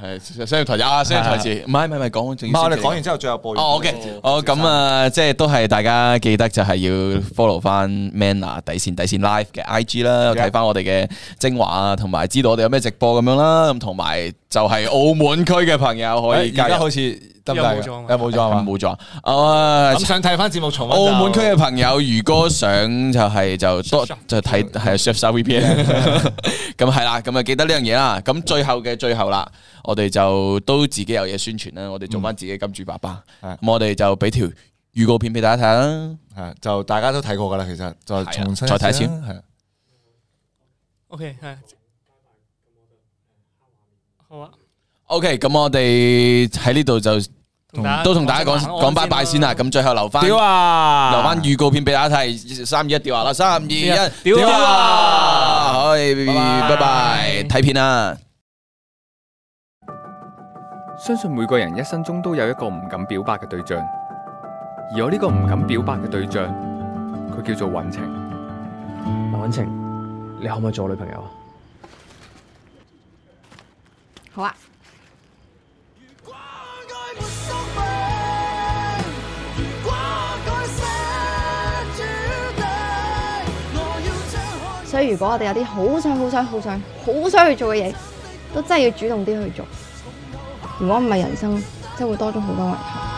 係商業台啊，商業台字，唔係唔係唔係講，我哋講完之後最後播完。哦，好，okay, 嘅，哦，哦咁啊，嗯嗯，即係都係大家記得就係要 follow 翻 Manner 底線底線 Live 嘅 IG 啦，睇翻我哋嘅精華啊，同埋知道我哋有咩直播咁樣啦，咁同埋。就係澳門區嘅朋友可以記得，好似得唔得？有冇裝？冇裝冇裝。啊，想睇翻節目重溫澳門區嘅朋友，如果想就係就多就睇係 s h e f Sir VPN 咁係啦，咁啊記得呢樣嘢啦。咁最後嘅最後啦，我哋就都自己有嘢宣傳啦。我哋做翻自己金主爸爸。咁我哋就俾條預告片俾大家睇啦。就大家都睇過噶啦。其實就重新再睇一次。OK 係。好啊，OK，咁我哋喺呢度就都同大家講講拜拜先啦。咁最後留翻，留翻預告片俾大家睇。三二一，掉啊啦！三二一，掉啊！好，拜拜，睇片啦。相信每個人一生中都有一個唔敢表白嘅對象，而我呢個唔敢表白嘅對象，佢叫做尹晴。尹晴，你可唔可以做我女朋友啊？好啊！所以如果我哋有啲好想、好想、好想、好想去做嘅嘢，都真係要主動啲去做。如果唔係，人生真係會多咗好多遺憾。